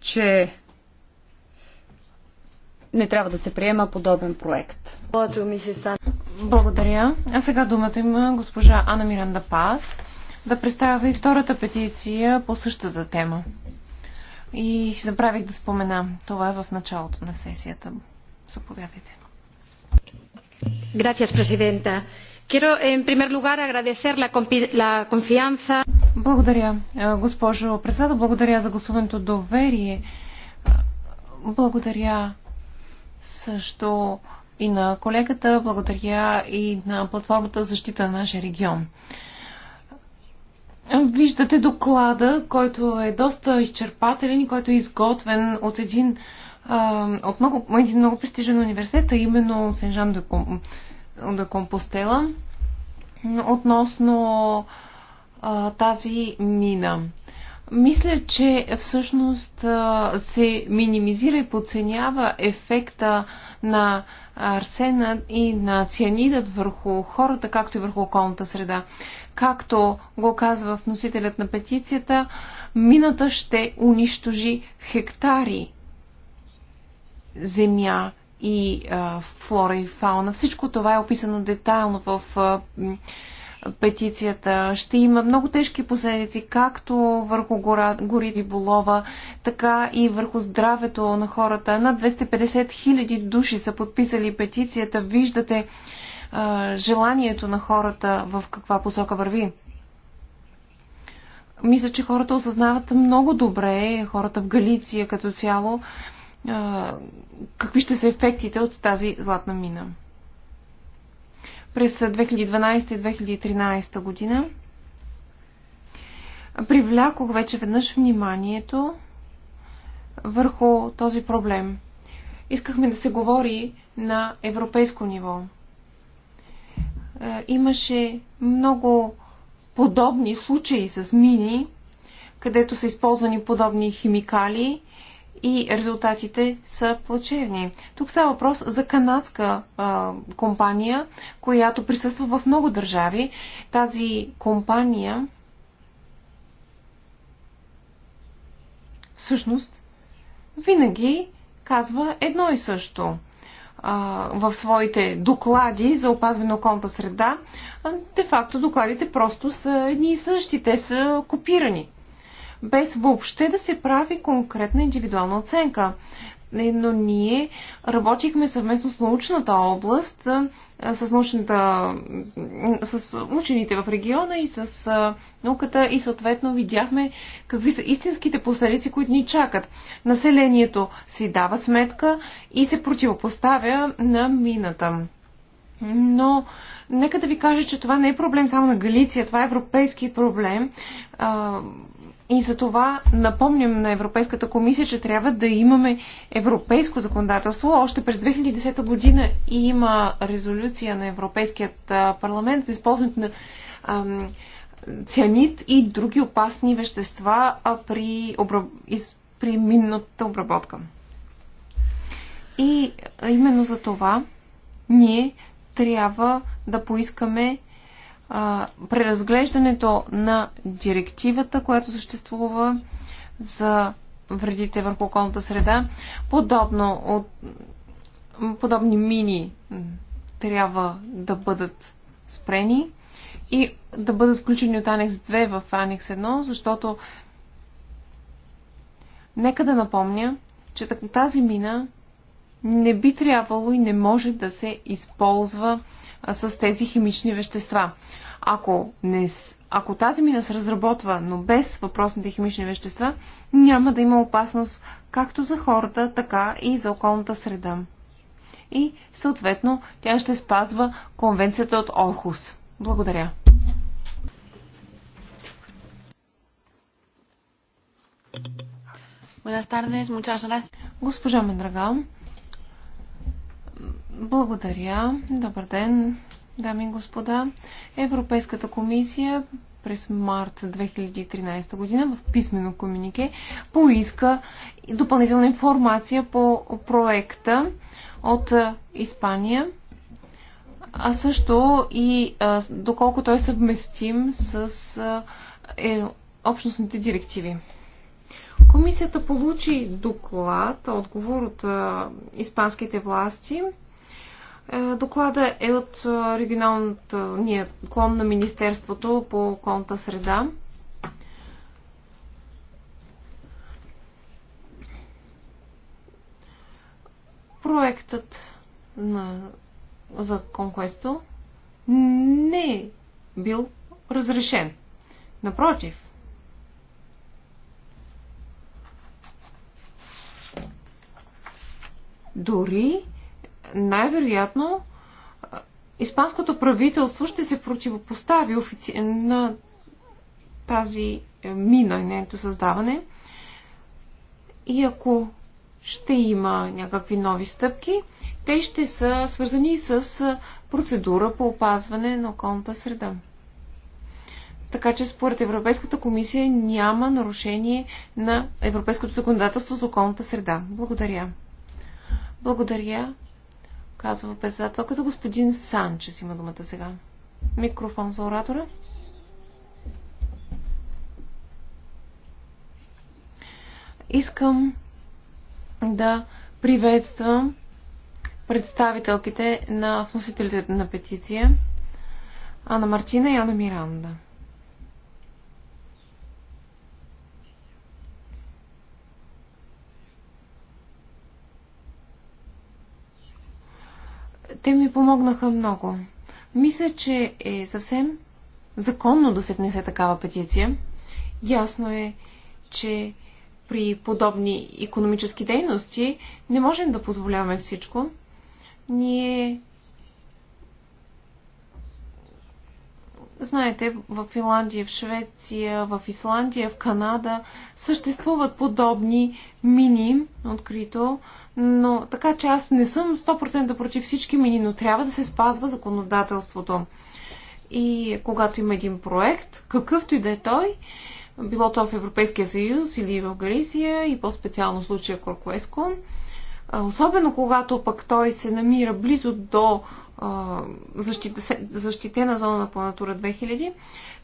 че не трябва да се приема подобен проект. Благодаря. А сега думата има госпожа Ана Миранда Пас да представя и втората петиция по същата тема. И забравих да спомена. Това е в началото на сесията. Заповядайте. Gracias, президента. Quiero, en primer lugar, agradecer la, la confianza. Благодаря, госпожо председател. Благодаря за гласуването доверие. Благодаря също и на колегата, благодаря и на платформата за защита на нашия регион. Виждате доклада, който е доста изчерпателен и който е изготвен от един, от много, един много престижен университет, а именно Сен-Жан де Компостела, относно тази мина. Мисля, че всъщност се минимизира и подценява ефекта на арсена и на цианидът върху хората, както и върху околната среда. Както го казва вносителят на петицията, мината ще унищожи хектари земя и а, флора и фауна. Всичко това е описано детайлно в а, петицията. Ще има много тежки последици, както върху гора, горите Болова, така и върху здравето на хората. Над 250 хиляди души са подписали петицията. Виждате а, желанието на хората в каква посока върви. Мисля, че хората осъзнават много добре, хората в Галиция като цяло, а, какви ще са ефектите от тази златна мина през 2012 и 2013 година. Привлякох вече веднъж вниманието върху този проблем. Искахме да се говори на европейско ниво. Е, имаше много подобни случаи с мини, където са използвани подобни химикали и резултатите са плачевни. Тук става въпрос за канадска а, компания, която присъства в много държави. Тази компания всъщност винаги казва едно и също в своите доклади за опазване на околната среда. Де-факто докладите просто са едни и същи, те са копирани без въобще да се прави конкретна индивидуална оценка. Е, но ние работихме съвместно с научната област, е, с, научната, с учените в региона и с е, науката и съответно видяхме какви са истинските последици, които ни чакат. Населението си дава сметка и се противопоставя на мината. Но нека да ви кажа, че това не е проблем само на Галиция, това е европейски проблем. И за това напомням на Европейската комисия, че трябва да имаме европейско законодателство. Още през 2010 година има резолюция на Европейският парламент за използването на ам, цианид и други опасни вещества при, обраб... из... при минната обработка. И именно за това ние трябва да поискаме а, преразглеждането на директивата, която съществува за вредите върху околната среда, подобно от, подобни мини трябва да бъдат спрени и да бъдат включени от Анекс 2 в Анекс 1, защото нека да напомня, че тази мина не би трябвало и не може да се използва с тези химични вещества. Ако, не, ако тази мина се разработва, но без въпросните химични вещества, няма да има опасност както за хората, така и за околната среда. И, съответно, тя ще спазва конвенцията от Орхус. Благодаря. Госпожа Мендрагал. Благодаря. Добър ден, дами и господа. Европейската комисия през март 2013 година в писмено комюнике поиска допълнителна информация по проекта от Испания, а също и доколко той е съвместим с е, общностните директиви. Комисията получи доклад, отговор от а, испанските власти е, доклада е от е, регионалната ние клон на Министерството по околната среда. Проектът на, за Конквесто не е бил разрешен. Напротив, дори най-вероятно испанското правителство ще се противопостави офици... на тази е, мина и нейното създаване. И ако ще има някакви нови стъпки, те ще са свързани с процедура по опазване на околната среда. Така че според Европейската комисия няма нарушение на европейското законодателство за околната среда. Благодаря. Благодаря казва председателката. Господин Санчес има думата сега. Микрофон за оратора. Искам да приветствам представителките на вносителите на петиция Ана Мартина и Ана Миранда. Те ми помогнаха много. Мисля, че е съвсем законно да се внесе такава петиция. Ясно е, че при подобни економически дейности не можем да позволяваме всичко. Ние. Знаете, в Финландия, в Швеция, в Исландия, в Канада съществуват подобни мини открито но така че аз не съм 100% против всички мини, но трябва да се спазва законодателството. И когато има един проект, какъвто и да е той, било то в Европейския съюз или в Галиция и по-специално случая Коркоеско, особено когато пък той се намира близо до защитена зона на Натура 2000,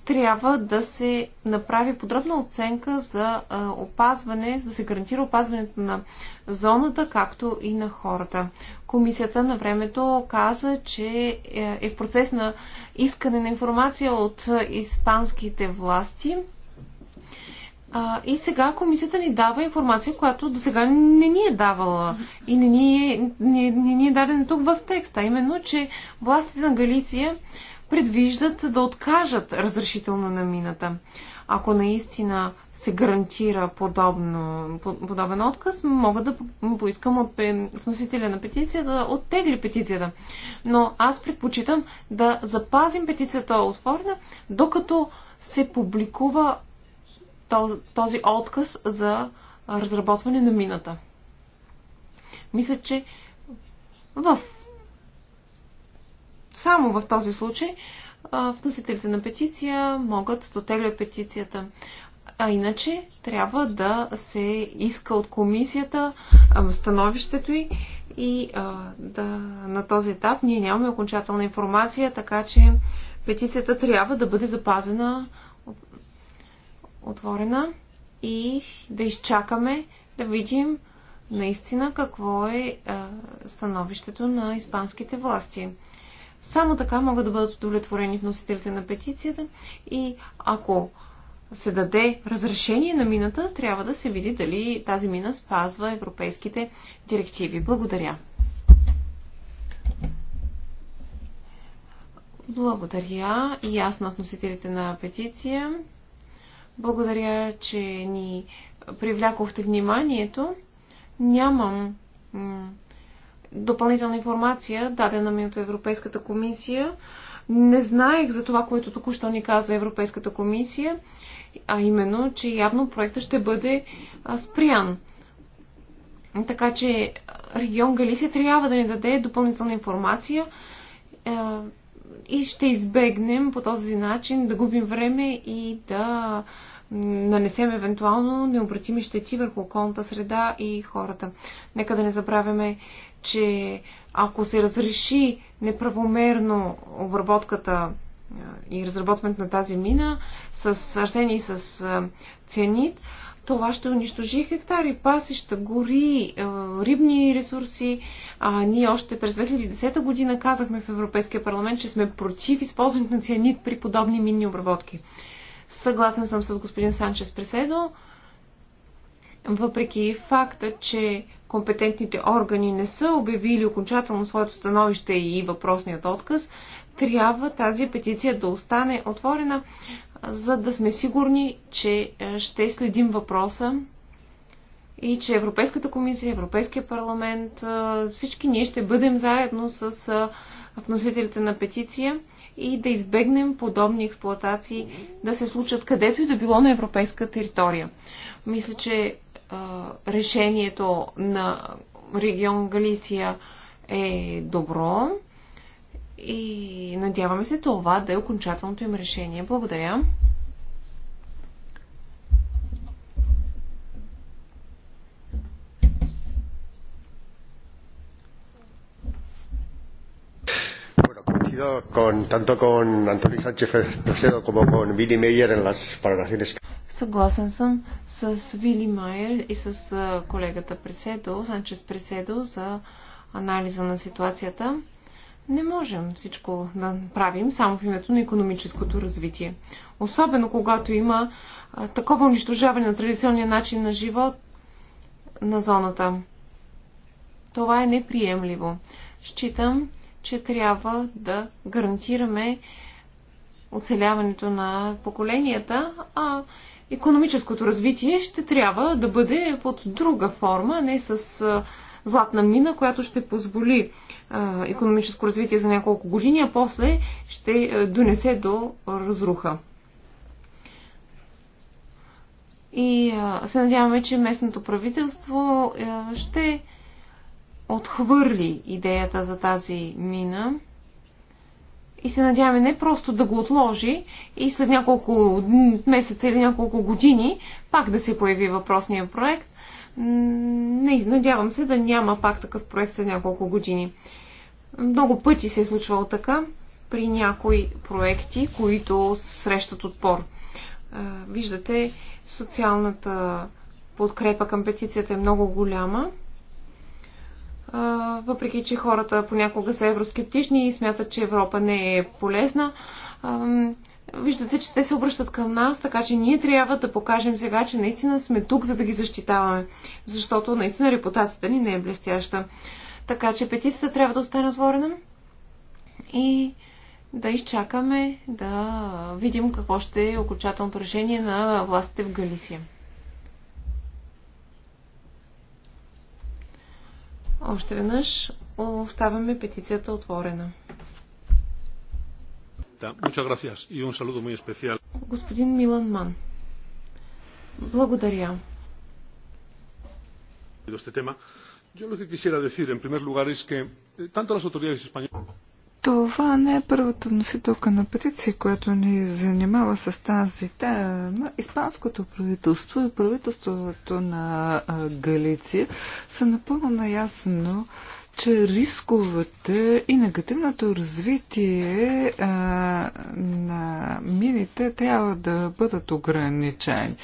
трябва да се направи подробна оценка за опазване, за да се гарантира опазването на зоната, както и на хората. Комисията на времето каза, че е, е в процес на искане на информация от испанските власти. И сега комисията ни дава информация, която до сега не ни е давала и не ни е, не, не ни е дадена тук в текста, именно, че властите на Галиция предвиждат да откажат разрешително на мината. Ако наистина се гарантира подобно, подобен отказ, мога да поискам от вносителя на петицията да оттегли петицията. Но аз предпочитам да запазим петицията отворена, докато се публикува този отказ за разработване на мината. Мисля, че в само в този случай вносителите на петиция могат да теглят петицията. А иначе трябва да се иска от комисията становището й и а, да, на този етап ние нямаме окончателна информация, така че петицията трябва да бъде запазена, отворена и да изчакаме да видим наистина какво е а, становището на испанските власти. Само така могат да бъдат удовлетворени вносителите на петицията и ако се даде разрешение на мината, трябва да се види дали тази мина спазва европейските директиви. Благодаря. Благодаря и аз на относителите на петиция. Благодаря, че ни привлякохте вниманието. Нямам допълнителна информация, дадена ми от Европейската комисия. Не знаех за това, което току-що ни каза Европейската комисия, а именно, че явно проекта ще бъде спрян. Така че регион Галисия трябва да ни даде допълнителна информация и ще избегнем по този начин да губим време и да нанесем евентуално необратими щети върху околната среда и хората. Нека да не забравяме че ако се разреши неправомерно обработката и разработването на тази мина с арсени и с цианид, това ще унищожи хектари, пасища, гори, рибни ресурси. А, ние още през 2010 година казахме в Европейския парламент, че сме против използването на цианид при подобни минни обработки. Съгласен съм с господин Санчес Преседо, въпреки факта, че компетентните органи не са обявили окончателно своето становище и въпросният отказ, трябва тази петиция да остане отворена, за да сме сигурни, че е, ще следим въпроса и че Европейската комисия, Европейския парламент, е, всички ние ще бъдем заедно с е, вносителите на петиция и да избегнем подобни експлоатации да се случат където и да било на европейска територия. Мисля, че решението на регион Галисия е добро и надяваме се това да е окончателното им решение. Благодаря. con, tanto con Antonio Sánchez Procedo como con Billy Meyer en las valoraciones. Съгласен съм с Вили Майер и с колегата Преседо, значи с Преседо за анализа на ситуацията. Не можем всичко да правим само в името на економическото развитие. Особено когато има а, такова унищожаване на традиционния начин на живот на зоната. Това е неприемливо. Считам, че трябва да гарантираме оцеляването на поколенията, а економическото развитие ще трябва да бъде под друга форма, не с златна мина, която ще позволи економическо развитие за няколко години, а после ще донесе до разруха. И се надяваме, че местното правителство ще отхвърли идеята за тази мина и се надяваме не просто да го отложи и след няколко месеца или няколко години пак да се появи въпросния проект. Не, надявам се да няма пак такъв проект след няколко години. Много пъти се е случвало така при някои проекти, които срещат отпор. Виждате, социалната подкрепа към петицията е много голяма въпреки че хората понякога са евроскептични и смятат, че Европа не е полезна. Виждате, че те се обръщат към нас, така че ние трябва да покажем сега, че наистина сме тук, за да ги защитаваме, защото наистина репутацията ни не е блестяща. Така че петицията трябва да остане отворена и да изчакаме да видим какво ще е окончателното решение на властите в Галисия. Още веднъж оставяме петицията отворена. Господин Милан Ман. Благодаря. Este tema. Yo lo que quisiera decir, en primer lugar, es que tanto las autoridades españolas това не е първата носителка на петиции, която ни занимава с тази тема. Испанското правителство и правителството на Галиция са напълно наясно, че рисковете и негативното развитие а, на мините трябва да бъдат ограничени.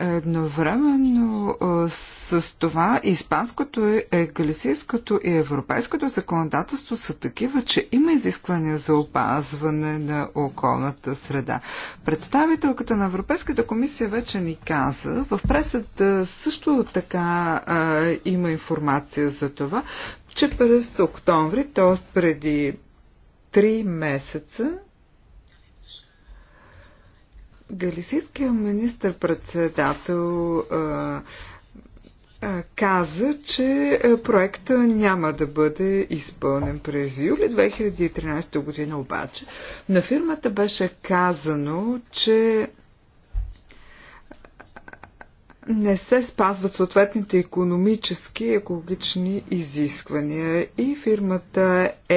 Едновременно с това испанското, галисийското и европейското законодателство са такива, че има изисквания за опазване на околната среда. Представителката на Европейската комисия вече ни каза, в пресата също така а, има информация за това, че през октомври, т.е. преди 3 месеца, Галисийският министр-председател каза, че проекта няма да бъде изпълнен през юли 2013 година обаче. На фирмата беше казано, че не се спазват съответните економически и екологични изисквания и фирмата е,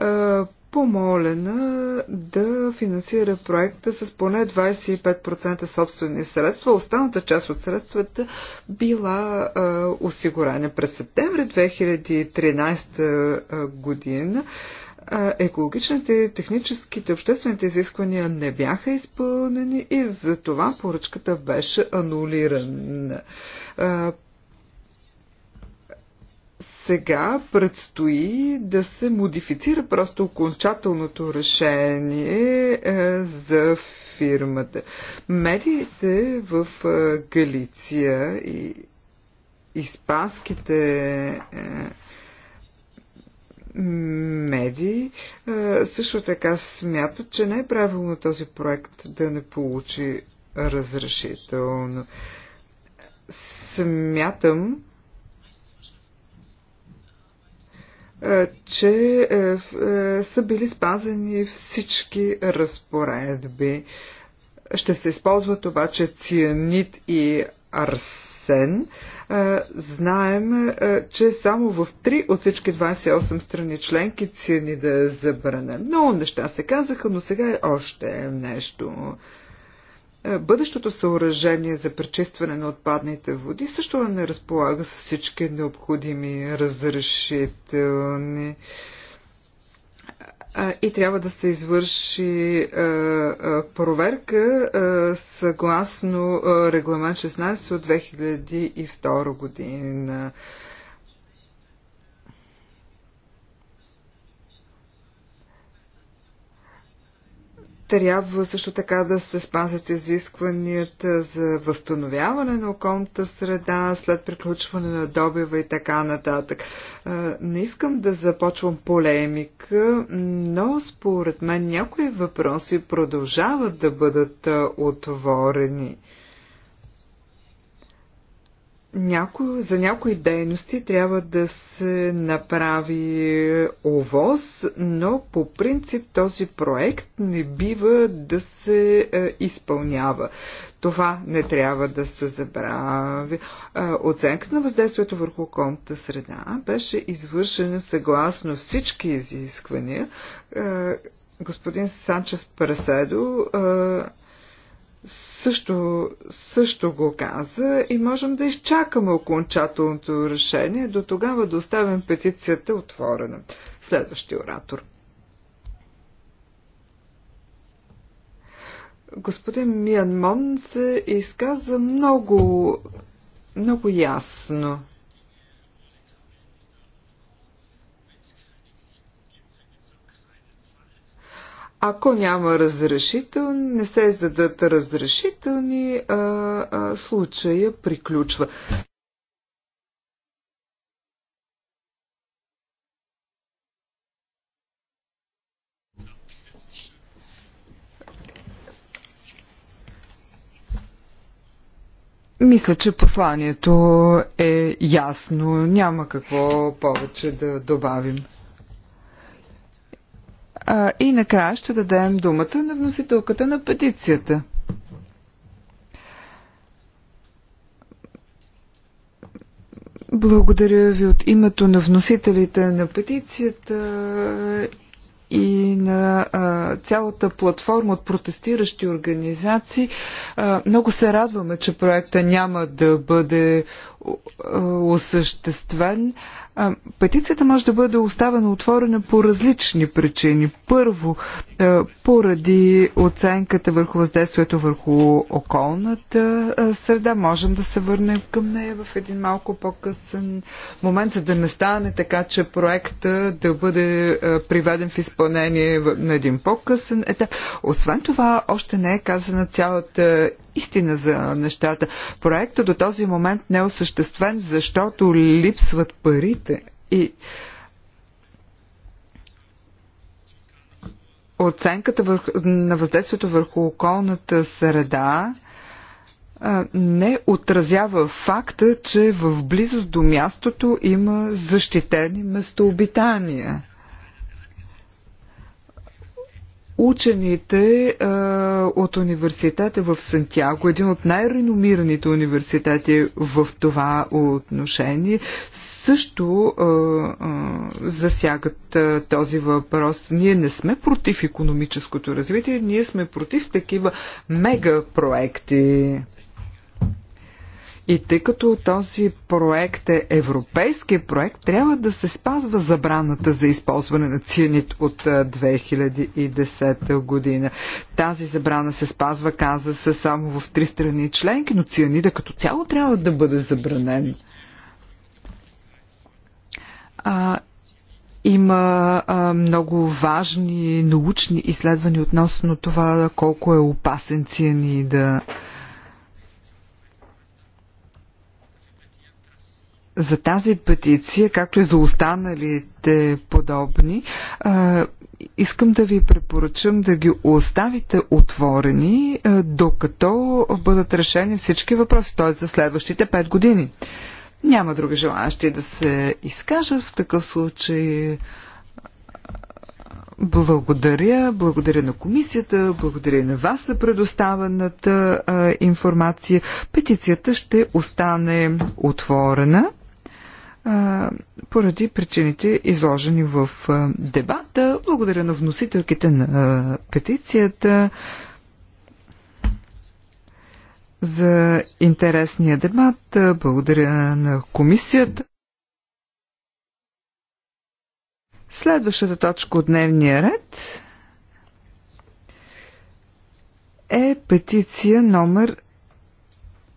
е помолена да финансира проекта с поне 25% собствени средства. Останата част от средствата била а, осигурена. През септември 2013 година екологичните, техническите, обществените изисквания не бяха изпълнени и за това поръчката беше анулирана. Сега предстои да се модифицира просто окончателното решение е, за фирмата. Медиите в е, Галиция и испанските е, медии също така смятат, че не е правилно този проект да не получи разрешително. Смятам, Е, че е, е, са били спазени всички разпоредби. Ще се използват обаче цианит и арсен. Знаем, че само в 3 от всички 28 страни членки цианида е забранен. Много неща се казаха, но сега е още нещо. Е, бъдещото съоръжение за пречистване на отпадните води също не разполага с всички необходими разрешителни е, и трябва да се извърши е, проверка съгласно регламент 16 от 2002 година. Трябва също така да се спазят изискванията за възстановяване на околната среда след приключване на добива и така нататък. Е, не искам да започвам полемика, но според мен някои въпроси продължават да бъдат е, отворени няко, за някои дейности трябва да се направи овоз, но по принцип този проект не бива да се е, изпълнява. Това не трябва да се забрави. Е, оценка на въздействието върху околната среда беше извършена съгласно всички изисквания. Е, господин Санчес Преседо е, също, също го каза и можем да изчакаме окончателното решение. До тогава да оставим петицията отворена. Следващия оратор. Господин Миан Мон се изказа много, много ясно. Ако няма разрешителни, не се издадат разрешителни, а, а, случая приключва. Мисля, че посланието е ясно. Няма какво повече да добавим. А, и накрая ще дадем думата на вносителката на петицията. Благодаря ви от името на вносителите на петицията и на а, цялата платформа от протестиращи организации. А, много се радваме, че проекта няма да бъде осъществен. А, Петицията може да бъде оставена отворена по различни причини. Първо, е, поради оценката върху въздействието върху околната е, среда, можем да се върнем към нея в един малко по-късен момент, за да не стане така, че проекта да бъде е, приведен в изпълнение на един по-късен етап. Освен това, още не е казана цялата истина за нещата. Проектът до този момент не е осъществен, защото липсват парите и оценката на въздействието върху околната среда не отразява факта, че в близост до мястото има защитени местообитания учените а, от университета в Сантьяго, един от най-реномираните университети в това отношение, също а, а, засягат а, този въпрос. Ние не сме против економическото развитие, ние сме против такива мегапроекти. И тъй като този проект е европейски проект, трябва да се спазва забраната за използване на цианит от 2010 година. Тази забрана се спазва, каза се, само в три страни членки, но цианида като цяло трябва да бъде забранен. А, има а, много важни научни изследвания относно това колко е опасен цианида. да за тази петиция, както и за останалите подобни, искам да ви препоръчам да ги оставите отворени, докато бъдат решени всички въпроси, т.е. за следващите 5 години. Няма други желаящи да се изкажат. В такъв случай благодаря. Благодаря на комисията, благодаря на вас за предоставената а, информация. Петицията ще остане отворена поради причините изложени в дебата. Благодаря на вносителките на петицията за интересния дебат. Благодаря на комисията. Следващата точка от дневния ред е петиция номер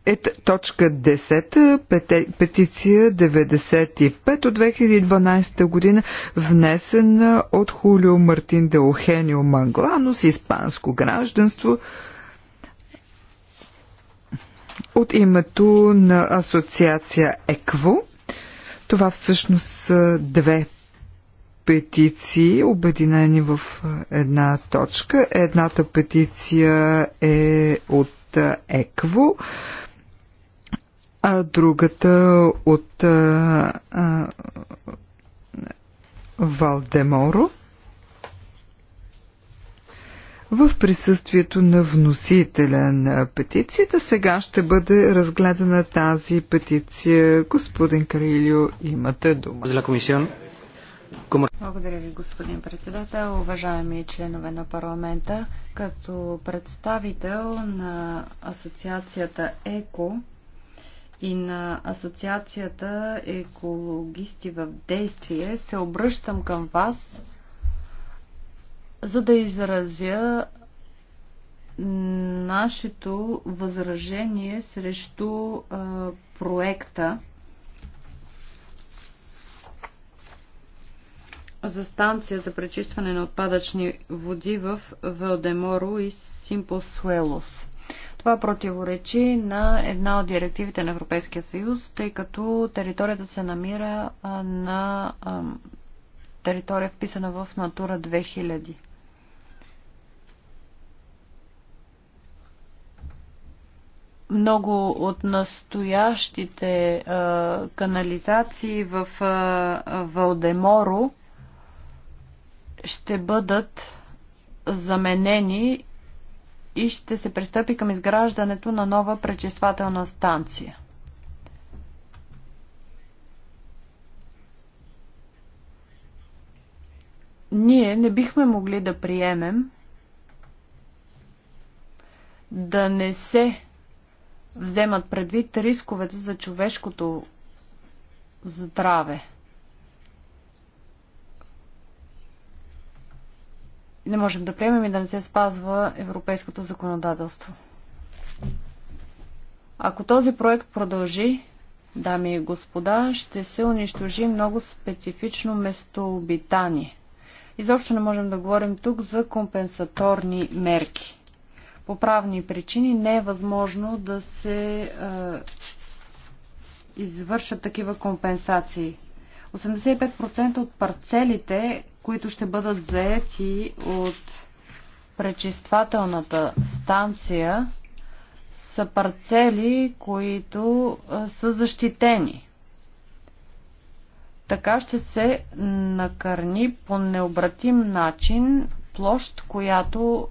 ето точка 10, петиция 95 от 2012 година, внесена от Хулио Мартин Деохенио Манглано с испанско гражданство от името на асоциация ЕКВО. Това всъщност са две петиции, обединени в една точка. Едната петиция е от ЕКВО а другата от а, а, Валдеморо в присъствието на вносителя на петицията. Сега ще бъде разгледана тази петиция. Господин Карилио, имате дума. За комисион. Благодаря ви, господин председател. Уважаеми членове на парламента, като представител на асоциацията ЕКО, и на Асоциацията екологисти в действие се обръщам към вас, за да изразя нашето възражение срещу а, проекта за станция за пречистване на отпадъчни води в Велдеморо и Симпосуелос. Това противоречи на една от директивите на Европейския съюз, тъй като територията се намира на територия вписана в Натура 2000. много от настоящите а, канализации в а, Валдеморо ще бъдат заменени и ще се пристъпи към изграждането на нова пречиствателна станция. Ние не бихме могли да приемем да не се вземат предвид рисковете за човешкото здраве. не можем да приемем и да не се спазва европейското законодателство. Ако този проект продължи, дами и господа, ще се унищожи много специфично местообитание. Изобщо не можем да говорим тук за компенсаторни мерки. По правни причини не е възможно да се е, извършат такива компенсации. 85% от парцелите, които ще бъдат заети от пречиствателната станция, са парцели, които са защитени. Така ще се накърни по необратим начин площ, която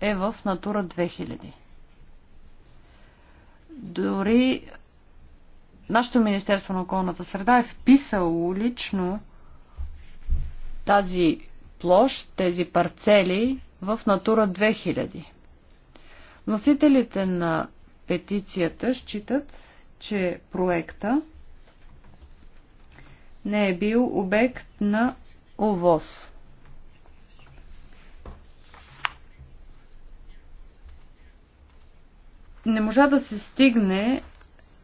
е в Натура 2000. Дори нашето Министерство на околната среда е вписало лично тази площ, тези парцели в Натура 2000. Носителите на петицията считат, че проекта не е бил обект на ОВОз. Не можа да се стигне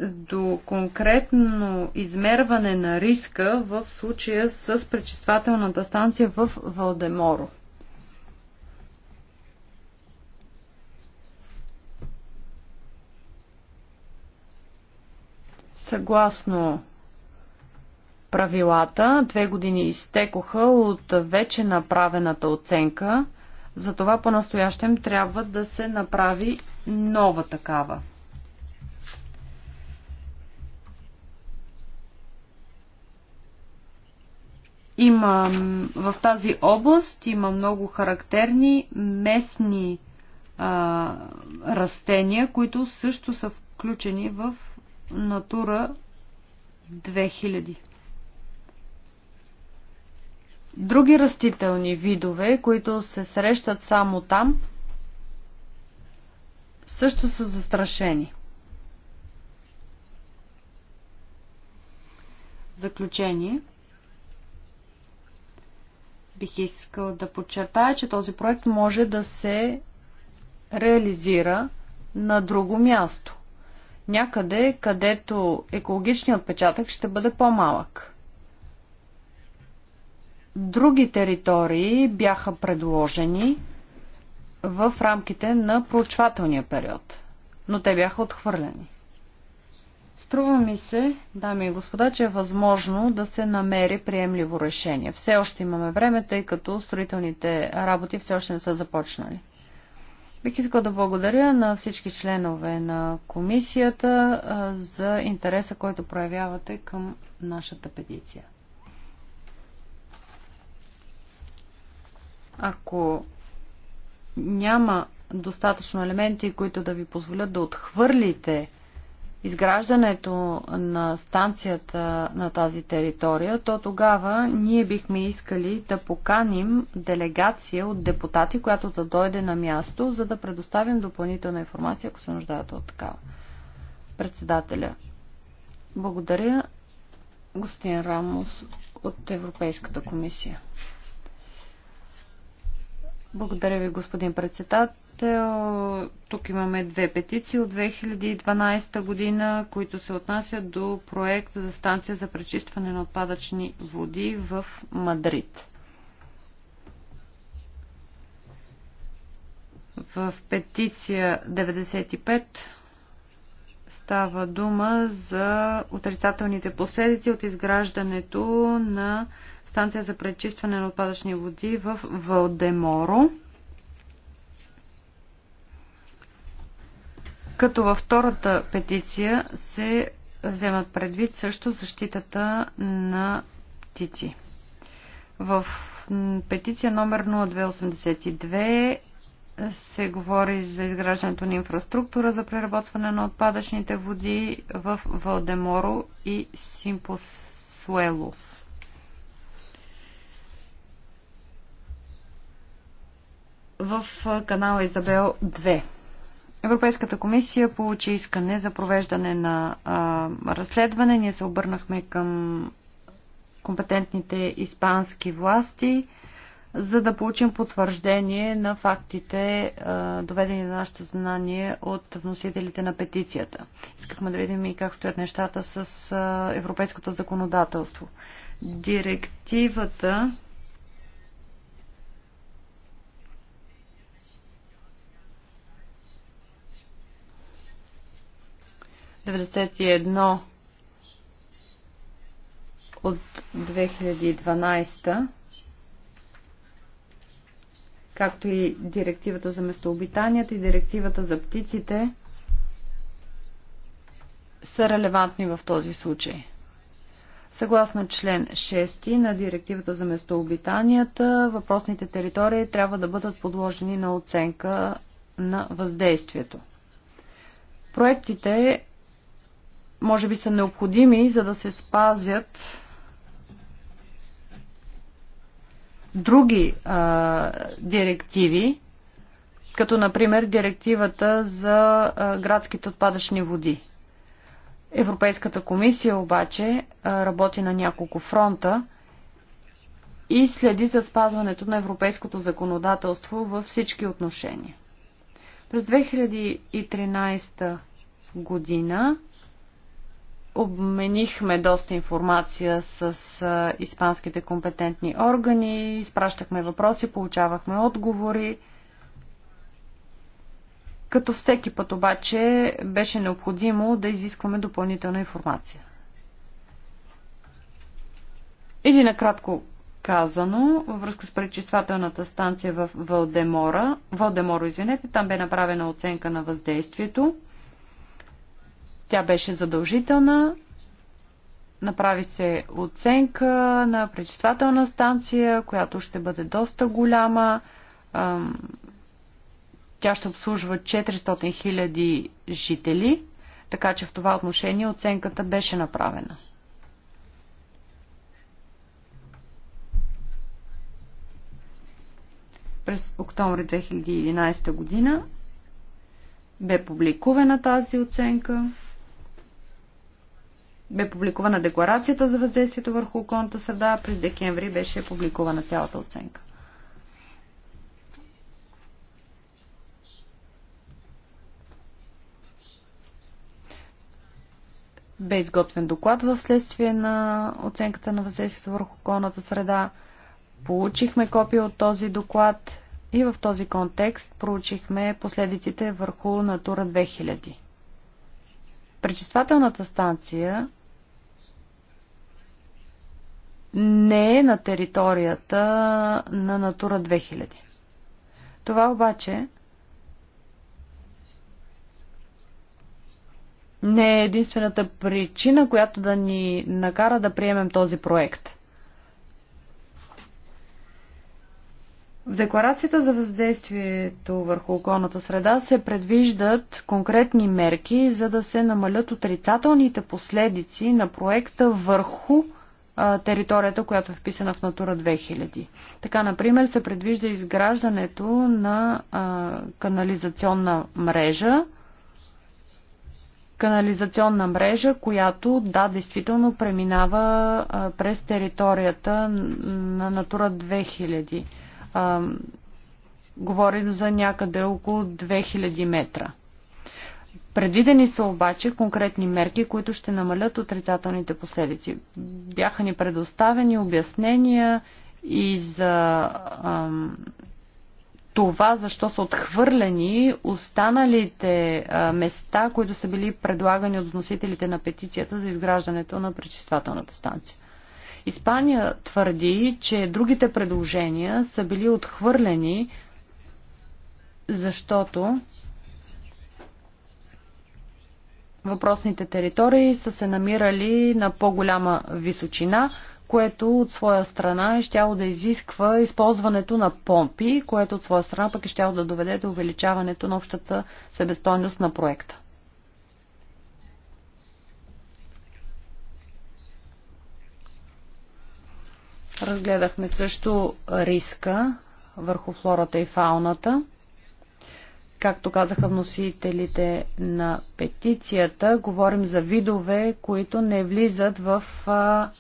до конкретно измерване на риска в случая с пречиствателната станция в Валдеморо. Съгласно правилата, две години изтекоха от вече направената оценка, затова по-настоящем трябва да се направи нова такава. Има, в тази област има много характерни местни а, растения, които също са включени в Натура 2000. Други растителни видове, които се срещат само там, също са застрашени. Заключение – Бих искал да подчертая, че този проект може да се реализира на друго място. Някъде, където екологичният отпечатък ще бъде по-малък. Други територии бяха предложени в рамките на проучвателния период, но те бяха отхвърлени. Струва ми се, дами и господа, че е възможно да се намери приемливо решение. Все още имаме време, тъй като строителните работи все още не са започнали. Бих искал да благодаря на всички членове на комисията за интереса, който проявявате към нашата петиция. Ако няма достатъчно елементи, които да ви позволят да отхвърлите изграждането на станцията на тази територия, то тогава ние бихме искали да поканим делегация от депутати, която да дойде на място, за да предоставим допълнителна информация, ако се нуждаят от такава. Председателя. Благодаря, господин Рамос от Европейската комисия. Благодаря ви, господин председател тук имаме две петиции от 2012 година, които се отнасят до проект за станция за пречистване на отпадъчни води в Мадрид. В петиция 95 става дума за отрицателните последици от изграждането на станция за пречистване на отпадъчни води в Валдеморо. Като във втората петиция се вземат предвид също защитата на птици. В петиция номер 0282 се говори за изграждането на инфраструктура за преработване на отпадъчните води в Валдеморо и Симпосуелос. В канала Изабел 2. Европейската комисия получи искане за провеждане на а, разследване. Ние се обърнахме към компетентните испански власти, за да получим потвърждение на фактите, а, доведени до нашето знание от вносителите на петицията. Искахме да видим и как стоят нещата с а, европейското законодателство. Директивата 91 от 2012, както и директивата за местообитанията и директивата за птиците, са релевантни в този случай. Съгласно член 6 на директивата за местообитанията, въпросните територии трябва да бъдат подложени на оценка на въздействието. Проектите може би са необходими, за да се спазят други а, директиви, като например директивата за а, градските отпадъчни води. Европейската комисия обаче а, работи на няколко фронта и следи за спазването на европейското законодателство във всички отношения. През 2013 година Обменихме доста информация с испанските компетентни органи, изпращахме въпроси, получавахме отговори. Като всеки път обаче беше необходимо да изискваме допълнителна информация. Или накратко казано, във връзка с пречиствателната станция в Валдемора, Валдеморо, извинете, там бе направена оценка на въздействието. Тя беше задължителна. Направи се оценка на пречиствателна станция, която ще бъде доста голяма. Тя ще обслужва 400 000 жители, така че в това отношение оценката беше направена. През октомври 2011 година бе публикувана тази оценка бе публикувана декларацията за въздействието върху околната среда, през декември беше публикувана цялата оценка. Бе изготвен доклад в следствие на оценката на въздействието върху околната среда. Получихме копия от този доклад и в този контекст проучихме последиците върху Натура 2000. Пречиствателната станция не е на територията на Натура 2000. Това обаче не е единствената причина, която да ни накара да приемем този проект. В декларацията за въздействието върху околната среда се предвиждат конкретни мерки, за да се намалят отрицателните последици на проекта върху територията, която е вписана в Натура 2000. Така, например, се предвижда изграждането на а, канализационна мрежа, канализационна мрежа, която да, действително преминава а, през територията на Натура 2000. А, говорим за някъде около 2000 метра. Предвидени са обаче конкретни мерки, които ще намалят отрицателните последици. Бяха ни предоставени обяснения и за ам, това, защо са отхвърлени останалите а, места, които са били предлагани от вносителите на петицията за изграждането на пречиствателната станция. Испания твърди, че другите предложения са били отхвърлени, защото въпросните територии са се намирали на по-голяма височина, което от своя страна е щяло да изисква използването на помпи, което от своя страна пък е щяло да доведе до увеличаването на общата себестойност на проекта. Разгледахме също риска върху флората и фауната. Както казаха вносителите на петицията, говорим за видове, които не влизат в а,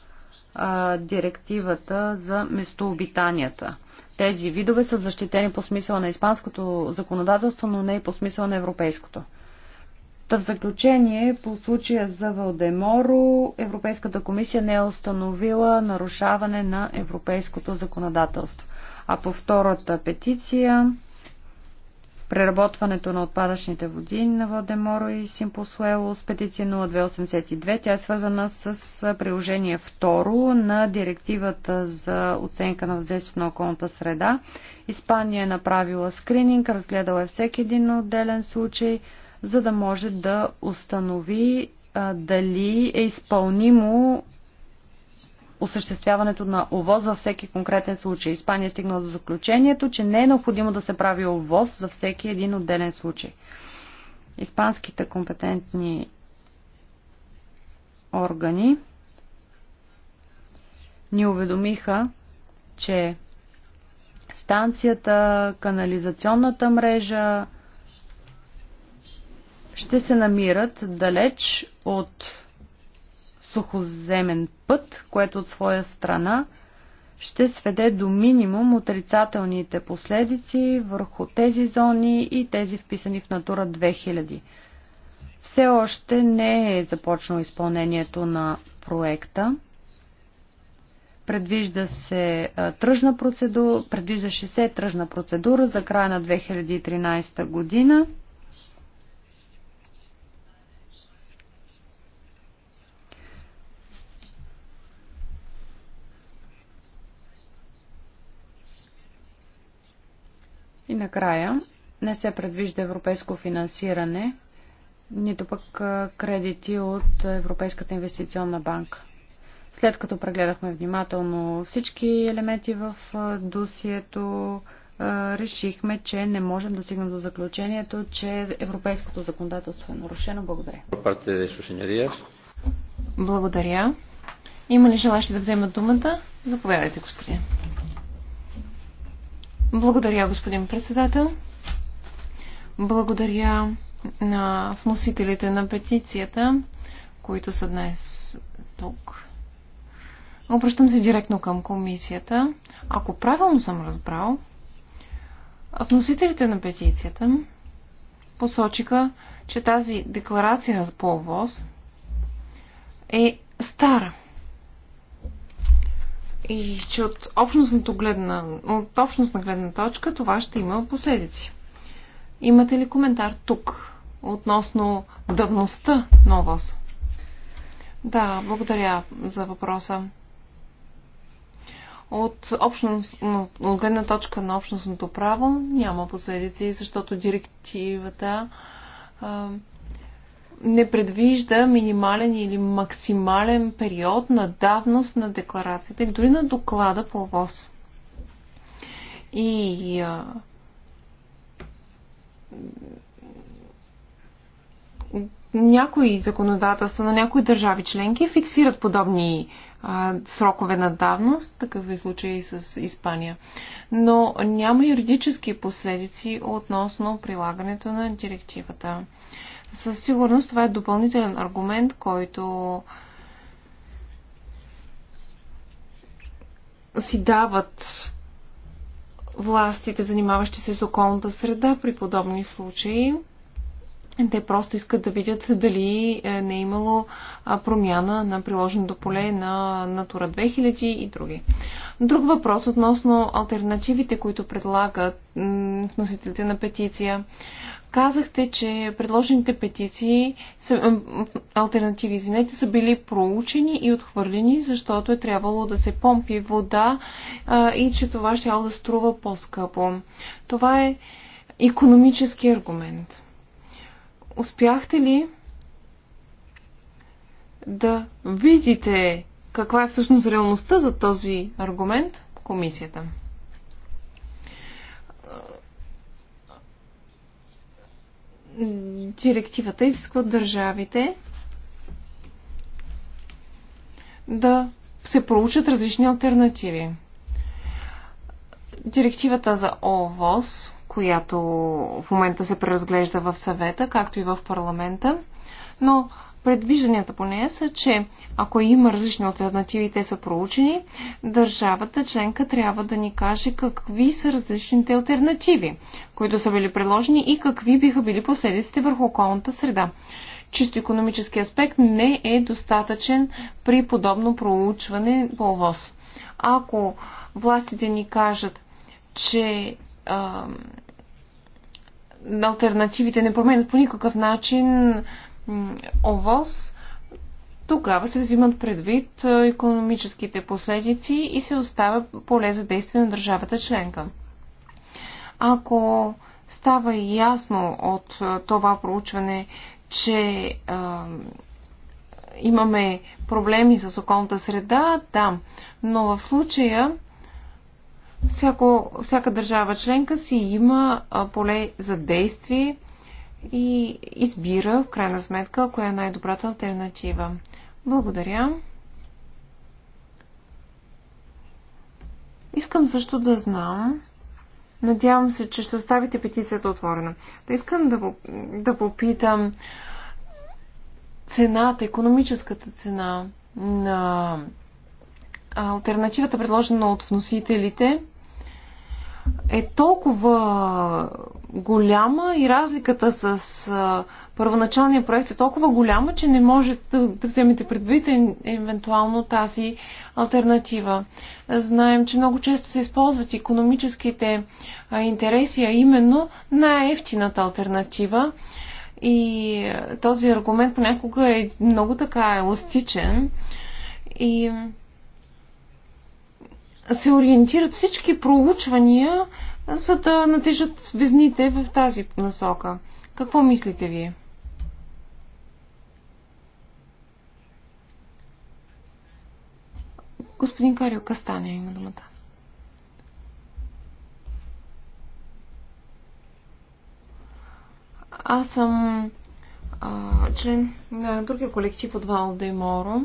а, директивата за местообитанията. Тези видове са защитени по смисъла на испанското законодателство, но не и по смисъла на европейското. Та в заключение, по случая за Валдеморо, Европейската комисия не е установила нарушаване на европейското законодателство. А по втората петиция преработването на отпадъчните води на Водеморо и Симпосуело с петиция 0282. Тя е свързана с приложение 2 на директивата за оценка на въздействието на околната среда. Испания е направила скрининг, разгледала е всеки един отделен случай, за да може да установи дали е изпълнимо осъществяването на овоз във всеки конкретен случай. Испания е стигнала до заключението, че не е необходимо да се прави овоз за всеки един отделен случай. Испанските компетентни органи ни уведомиха, че станцията, канализационната мрежа ще се намират далеч от сухоземен път, което от своя страна ще сведе до минимум отрицателните последици върху тези зони и тези вписани в Натура 2000. Все още не е започнало изпълнението на проекта. Предвижда се тръжна процедура, предвиждаше се тръжна процедура за края на 2013 година. накрая, не се предвижда европейско финансиране, нито пък кредити от Европейската инвестиционна банка. След като прегледахме внимателно всички елементи в досието, решихме, че не можем да стигнем до заключението, че европейското законодателство е нарушено. Благодаря. Благодаря. Има ли желащи да вземат думата? Заповядайте, господин. Благодаря, господин председател. Благодаря на вносителите на петицията, които са днес тук. Обръщам се директно към комисията. Ако правилно съм разбрал, вносителите на петицията посочиха, че тази декларация по ВОЗ е стара – и че от общностната гледна, от общностна гледна точка това ще има последици. Имате ли коментар тук относно давността на ОВОС? Да, благодаря за въпроса. От, общност, от гледна точка на общностното право няма последици, защото директивата не предвижда минимален или максимален период на давност на декларацията или дори на доклада по ВОЗ. И а, някои законодателства на някои държави членки фиксират подобни а, срокове на давност, такъв е случай и с Испания. Но няма юридически последици относно прилагането на директивата. Със сигурност това е допълнителен аргумент, който си дават властите, занимаващи се с околната среда при подобни случаи. Те просто искат да видят дали е, не е имало промяна на приложеното поле на Натура 2000 и други. Друг въпрос относно альтернативите, които предлагат вносителите на петиция. Казахте, че предложените петиции, са, альтернативи, извинете, са били проучени и отхвърлени, защото е трябвало да се помпи вода а, и че това ще да струва по-скъпо. Това е економически аргумент. Успяхте ли да видите каква е всъщност реалността за този аргумент комисията. Директивата изисква държавите да се проучат различни альтернативи. Директивата за ОВОС, която в момента се преразглежда в съвета, както и в парламента, но Предвижданията по нея са, че ако има различни альтернативи, те са проучени, държавата членка трябва да ни каже какви са различните альтернативи, които са били предложени и какви биха били последиците върху околната среда. Чисто економически аспект не е достатъчен при подобно проучване по ВОЗ. Ако властите ни кажат, че а, альтернативите не променят по никакъв начин ОВОз, тогава се взимат предвид економическите последици и се оставя поле за действие на държавата членка. Ако става ясно от това проучване, че а, имаме проблеми с околната среда, да, но в случая всяко, всяка държава членка си има поле за действие и избира в крайна сметка коя е най-добрата альтернатива. Благодаря. Искам също да знам. Надявам се, че ще оставите петицията отворена. Да искам да, да попитам цената, економическата цена на альтернативата, предложена от вносителите, е толкова голяма и разликата с а, първоначалния проект е толкова голяма, че не може да, да вземете предвид е, евентуално тази альтернатива. Знаем, че много често се използват економическите а, интереси, а именно най-ефтината альтернатива. И а, този аргумент понякога е много така еластичен и се ориентират всички проучвания за да натежат везните в тази насока. Какво мислите вие? Господин Карио Кастаня има думата. Аз съм а, член на другия колектив от Валде Моро.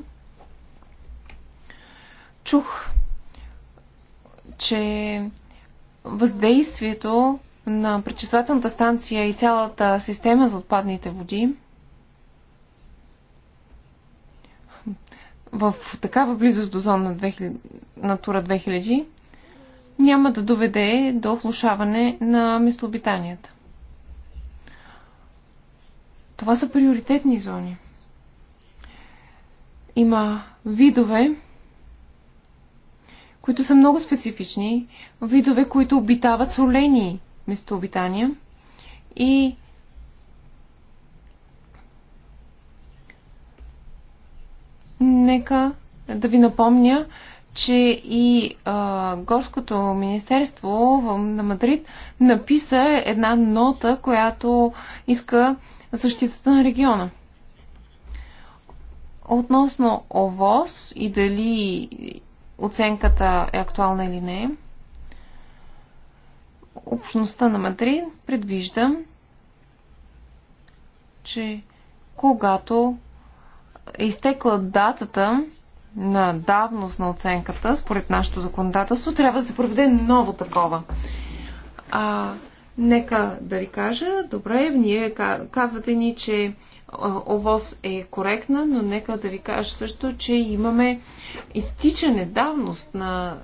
Чух, че въздействието на пречиствателната станция и цялата система за отпадните води в такава близост до зона на 2000, Натура 2000 няма да доведе до влушаване на местообитанията. Това са приоритетни зони. Има видове, които са много специфични, видове, които обитават солени местообитания и нека да ви напомня, че и а, Горското министерство в, на Мадрид написа една нота, която иска защитата на региона. Относно ОВОз и дали оценката е актуална или не. Общността на Мадрид предвижда, че когато е изтекла датата на давност на оценката, според нашето законодателство, трябва да се проведе ново такова. А, нека да ви кажа, добре, вие казвате ни, че ОВОС е коректна, но нека да ви кажа също, че имаме изтичане давност на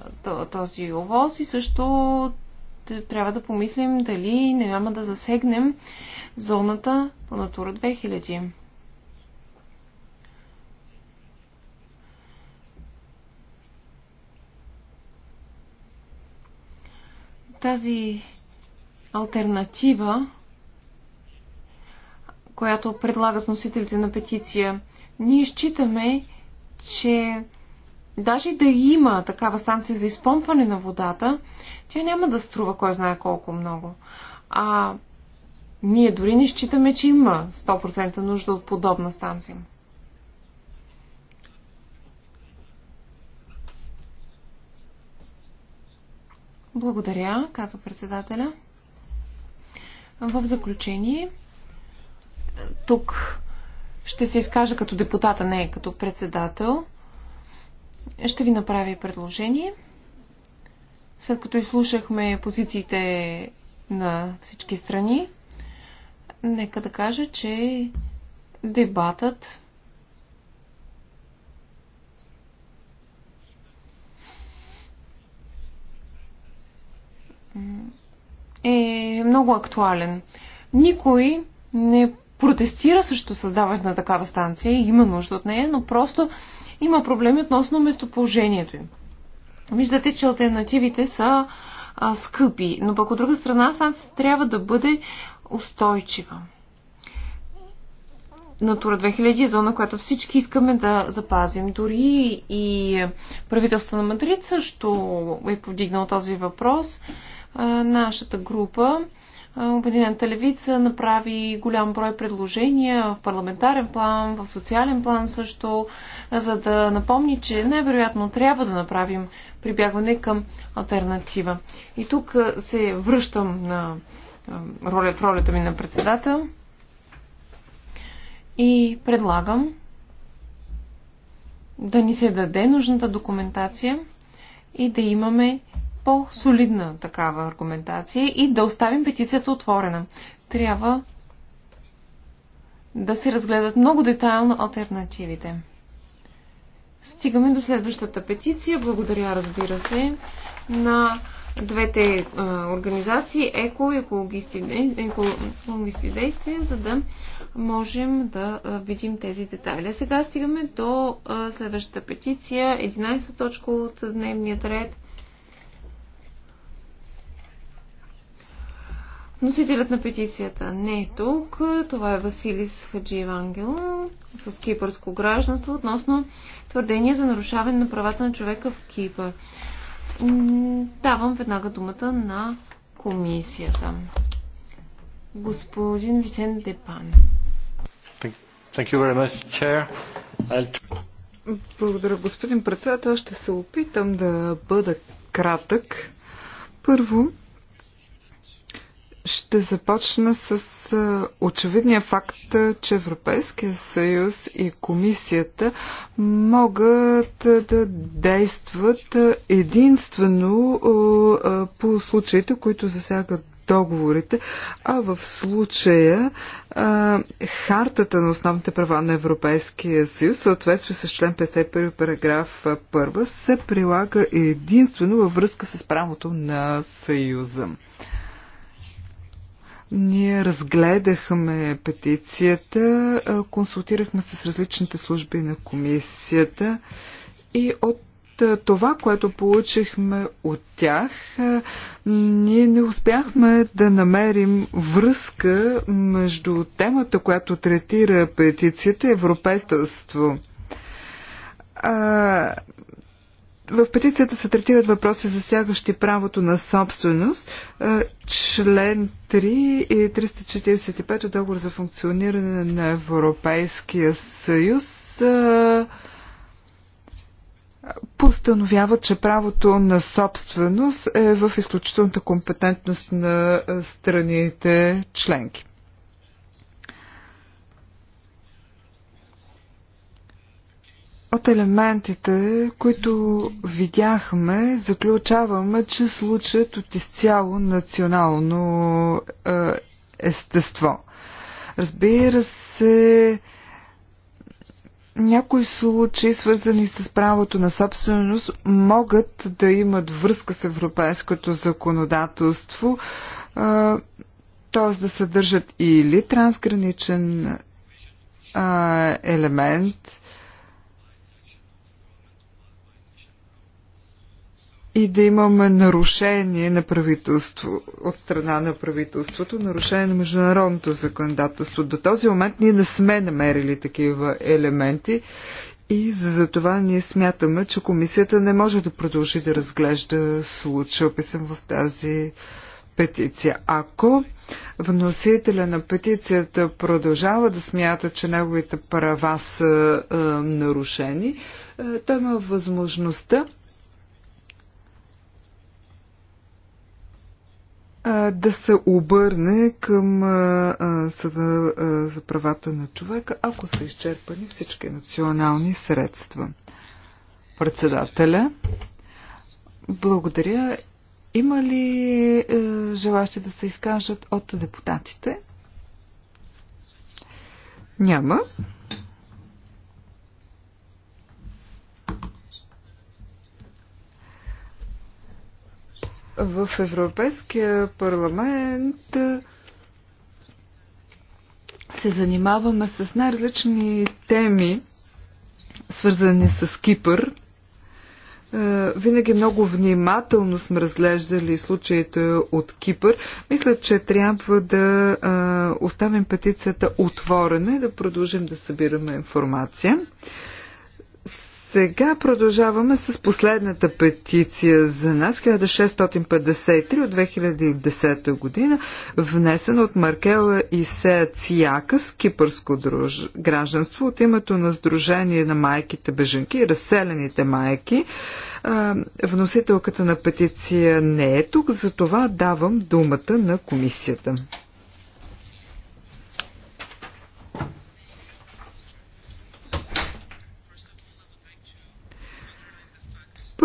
този ОВОС и също трябва да помислим дали няма да засегнем зоната по Натура 2000. Тази альтернатива която предлагат носителите на петиция. Ние считаме, че даже да има такава станция за изпомпване на водата, тя няма да струва кой знае колко много. А ние дори не считаме, че има 100% нужда от подобна станция. Благодаря, каза председателя. В заключение, тук ще се изкажа като депутата, не като председател. Ще ви направя предложение. След като изслушахме позициите на всички страни, нека да кажа, че дебатът е много актуален. Никой не протестира също създаване на такава станция и има нужда от нея, но просто има проблеми относно местоположението им. Виждате, че альтернативите са а, скъпи, но пък от друга страна станцията трябва да бъде устойчива. Натура 2000 е зона, която всички искаме да запазим. Дори и правителството на Мадрид също е повдигнал този въпрос. А, нашата група Обединената левица направи голям брой предложения в парламентарен план, в социален план също, за да напомни, че най-вероятно трябва да направим прибягване към альтернатива. И тук се връщам на в ролята ми на председател и предлагам да ни се даде нужната документация и да имаме по-солидна такава аргументация и да оставим петицията отворена. Трябва да се разгледат много детайлно альтернативите. Стигаме до следващата петиция. Благодаря, разбира се, на двете а, е, организации ЕКО и е, екологисти, действия, за да можем да е, видим тези детайли. Сега стигаме до а, следващата петиция, 11 точка от дневният ред – Носителят на петицията не е тук. Това е Василис Хаджи Евангел с кипърско гражданство относно твърдение за нарушаване на правата на човека в Кипър. Давам веднага думата на комисията. Господин Висен Депан. Thank you very much, chair. I'll... Благодаря, господин председател. Ще се опитам да бъда кратък. Първо, ще започна с очевидния факт, че Европейския съюз и комисията могат да действат единствено по случаите, които засягат договорите, а в случая а, хартата на основните права на Европейския съюз, съответствие с член 51 параграф 1, се прилага единствено във връзка с правото на съюза. Ние разгледахме петицията, консултирахме се с различните служби на комисията и от това, което получихме от тях, ние не успяхме да намерим връзка между темата, която третира петицията и европейство. В петицията се третират въпроси, засягащи правото на собственост, е, член 3 и 345 от договор за функциониране на Европейския съюз е, постановява, че правото на собственост е в изключителната компетентност на е, страните членки. От елементите, които видяхме, заключаваме, че случаят от изцяло национално е, естество. Разбира се, някои случаи, свързани с правото на собственост, могат да имат връзка с европейското законодателство, е, т.е. да съдържат или трансграничен е, елемент, и да имаме нарушение на правителство, от страна на правителството, нарушение на международното законодателство. До този момент ние не сме намерили такива елементи и за това ние смятаме, че комисията не може да продължи да разглежда случая, описан в тази петиция. Ако вносителя на петицията продължава да смята, че неговите права са е, нарушени, е, той има възможността да се обърне към Съда за правата на човека, ако са изчерпани всички национални средства. Председателя, благодаря. Има ли е, желащи да се изкажат от депутатите? Няма. В Европейския парламент се занимаваме с най-различни теми, свързани с Кипър. Винаги много внимателно сме разглеждали случаите от Кипър. Мисля, че трябва да оставим петицията отворена и да продължим да събираме информация. Сега продължаваме с последната петиция за нас, 1653 от 2010 година, внесена от Маркела Исея Цияка с кипърско друж... гражданство от името на Сдружение на майките беженки и разселените майки. Вносителката на петиция не е тук, затова давам думата на комисията.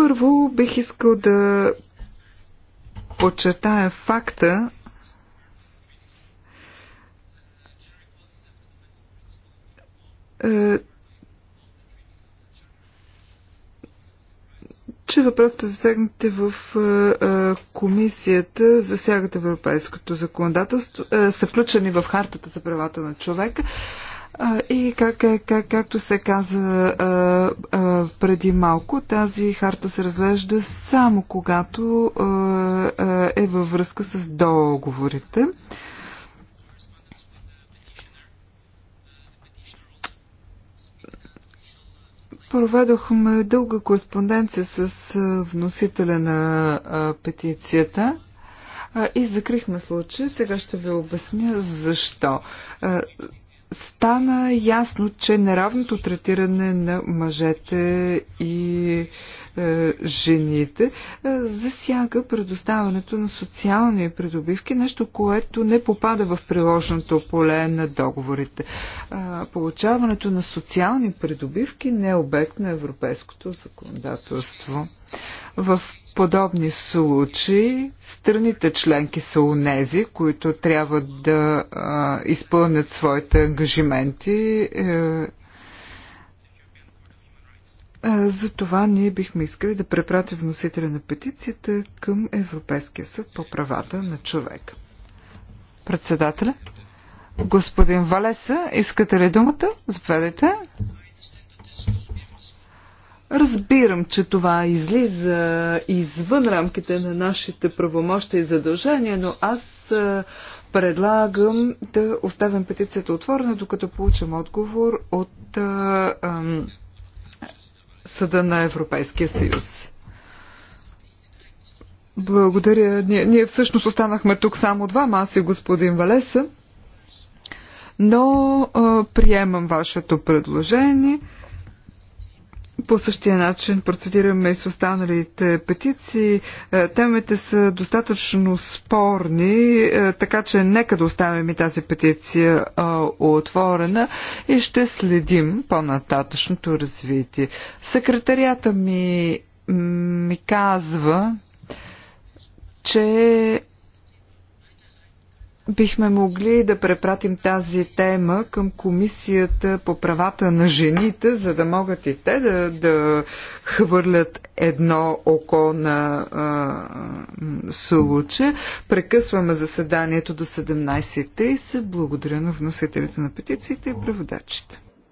Първо бих искал да подчертая факта, е, че въпросите засегнати в е, е, комисията засягат европейското законодателство, са включени в хартата за правата на човека. И как, е, как, както се каза а, а, преди малко, тази харта се разглежда само когато а, а, е във връзка с договорите. Проведохме дълга кореспонденция с вносителя на а, петицията. И закрихме случая. Сега ще ви обясня защо стана ясно, че неравното третиране на мъжете и е, жените, е, засяга предоставането на социални придобивки, нещо, което не попада в приложеното поле на договорите. Е, получаването на социални придобивки не е обект на европейското законодателство. В подобни случаи страните членки са унези, които трябва да изпълнят своите ангажименти за това ние бихме искали да препратим вносителя на петицията към Европейския съд по правата на човек. Председателя? Господин Валеса, искате ли думата? Заповядайте. Разбирам, че това излиза извън рамките на нашите правомощи и задължения, но аз предлагам да оставим петицията отворена, докато получим отговор от а, а, Съда на Европейския съюз. Благодаря. Ние, ние всъщност останахме тук само двама, аз и господин Валеса, но а, приемам вашето предложение. По същия начин процедираме и с останалите петиции. Е, темите са достатъчно спорни, е, така че нека да оставим и тази петиция е, отворена и ще следим по-нататъчното развитие. Секретарията ми ми казва, че бихме могли да препратим тази тема към Комисията по правата на жените, за да могат и те да, да хвърлят едно око на случая. Прекъсваме заседанието до 17.30. Благодаря на вносителите на петициите и преводачите.